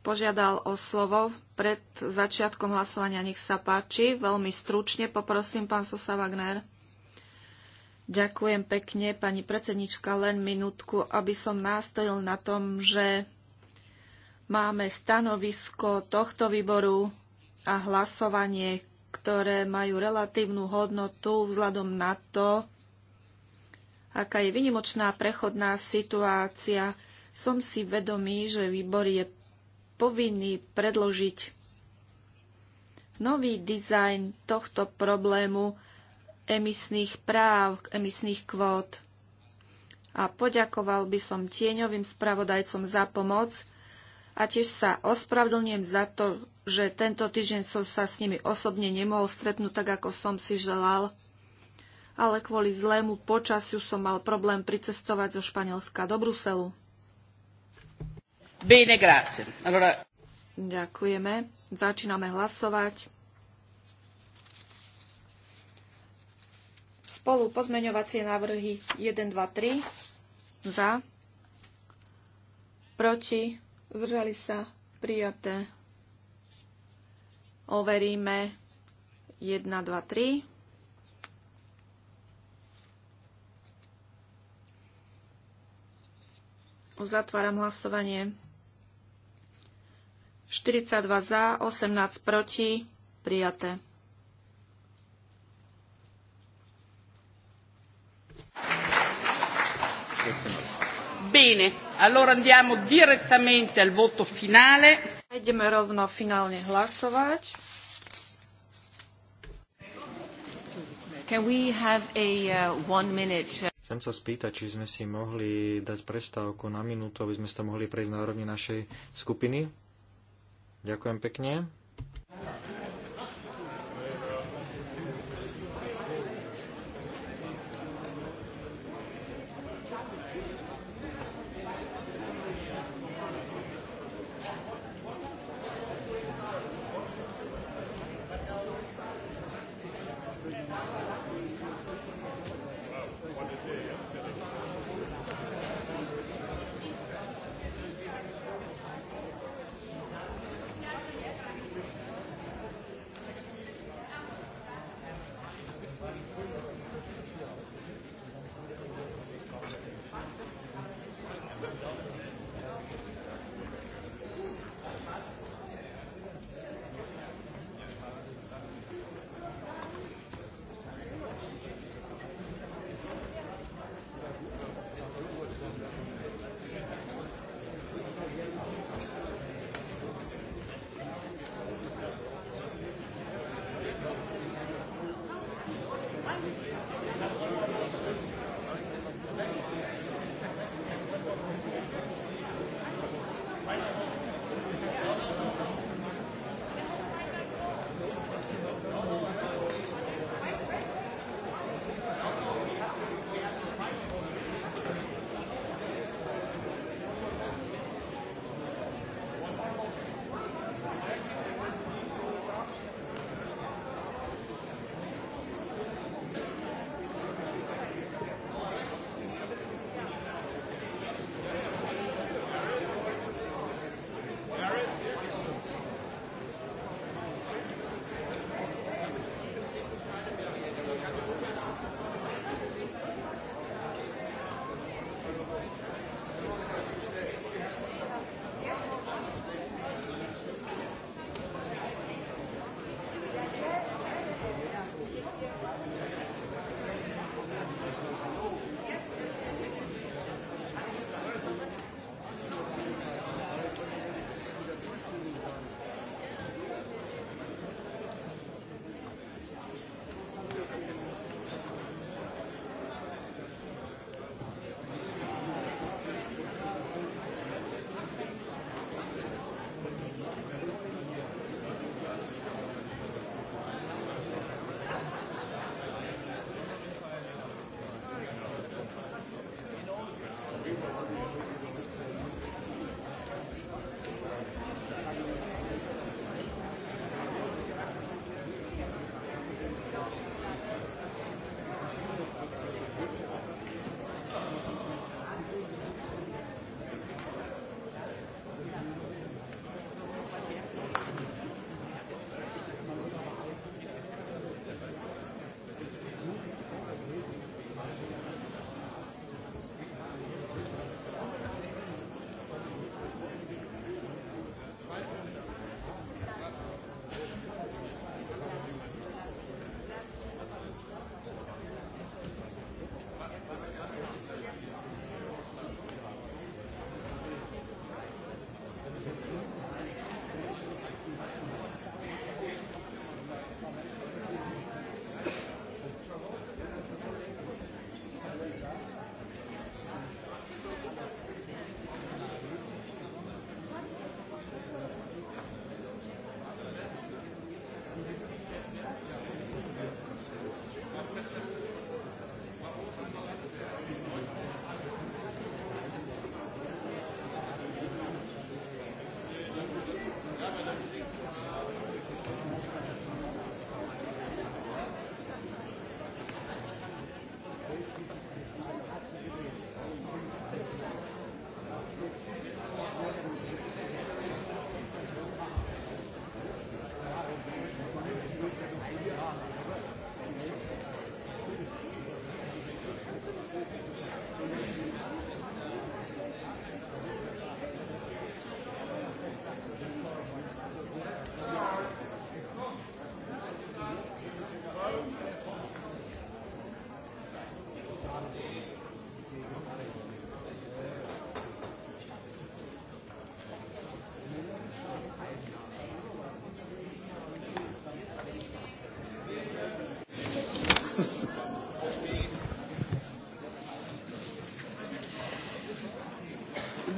S2: požiadal o slovo pred začiatkom hlasovania. Nech sa páči. Veľmi stručne poprosím pán Sosa Wagner. Ďakujem pekne, pani predsednička, len minútku, aby som nástojil na tom, že Máme stanovisko tohto výboru a hlasovanie, ktoré majú relatívnu hodnotu vzhľadom na to, aká je vynimočná prechodná situácia. Som si vedomý, že výbor je povinný predložiť nový dizajn tohto problému emisných práv, emisných kvót. A poďakoval by som tieňovým spravodajcom za pomoc a tiež sa ospravedlňujem za to, že tento týždeň som sa s nimi osobne nemohol stretnúť tak, ako som si želal, ale kvôli zlému počasiu som mal problém pricestovať zo Španielska do Bruselu. Bene, grazie. Allora... Ďakujeme. Začíname hlasovať. Spolu pozmeňovacie návrhy 1, 2, 3. Za. Proti Zdržali sa prijaté. Overíme 1, 2, 3. Uzatváram hlasovanie. 42 za, 18 proti, prijaté.
S1: Bene. Allora andiamo
S2: direttamente al voto finale. Ideme rovno finálne hlasovať. Can we have a uh, one minute? Uh,
S3: Chcem sa spýtať, či sme si mohli dať prestávku na minútu, aby sme sa mohli prejsť na úrovni našej skupiny. Ďakujem pekne.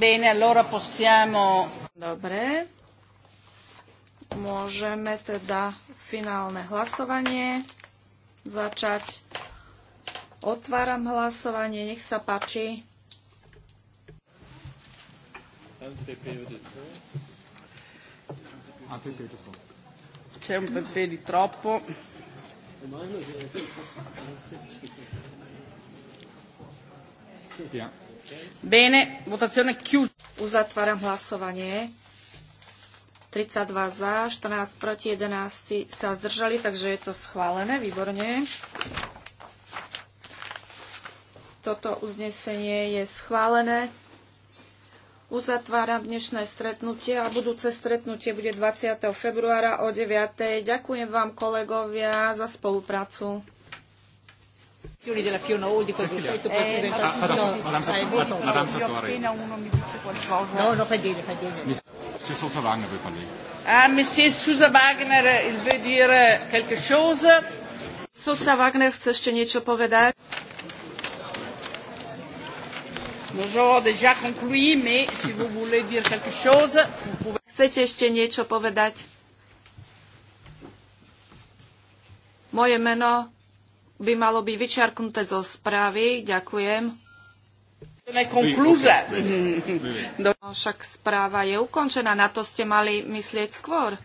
S2: Bene, allora possiamo... Dobre. Môžeme teda finálne hlasovanie začať. Otváram hlasovanie, nech sa páči.
S3: C'è un pepe di troppo. Yeah. Bene,
S2: votazione chiusa. Uzatváram hlasovanie. 32 za, 14 proti, 11 sa zdržali, takže je to schválené, výborne. Toto uznesenie je schválené. Uzatváram dnešné stretnutie a budúce stretnutie bude 20. februára o 9. Ďakujem vám kolegovia za spoluprácu
S1: della Fiona Hall di quel gruppetto poi eh, diventa Madame Sartori
S2: appena uno mi dice qualcosa no no fa dire
S1: fa dire
S4: Monsieur Sosa Wagner veut parler
S1: ah Monsieur Sosa Wagner il veut dire quelque chose Sosa Wagner chce ešte niečo povedať
S2: Nous avons déjà conclu, mais si vous voulez dire quelque chose, vous pouvez... Chcete ešte niečo povedať? Moje meno by malo byť vyčiarknuté zo správy. Ďakujem. No, však správa je ukončená, na to ste mali myslieť skôr.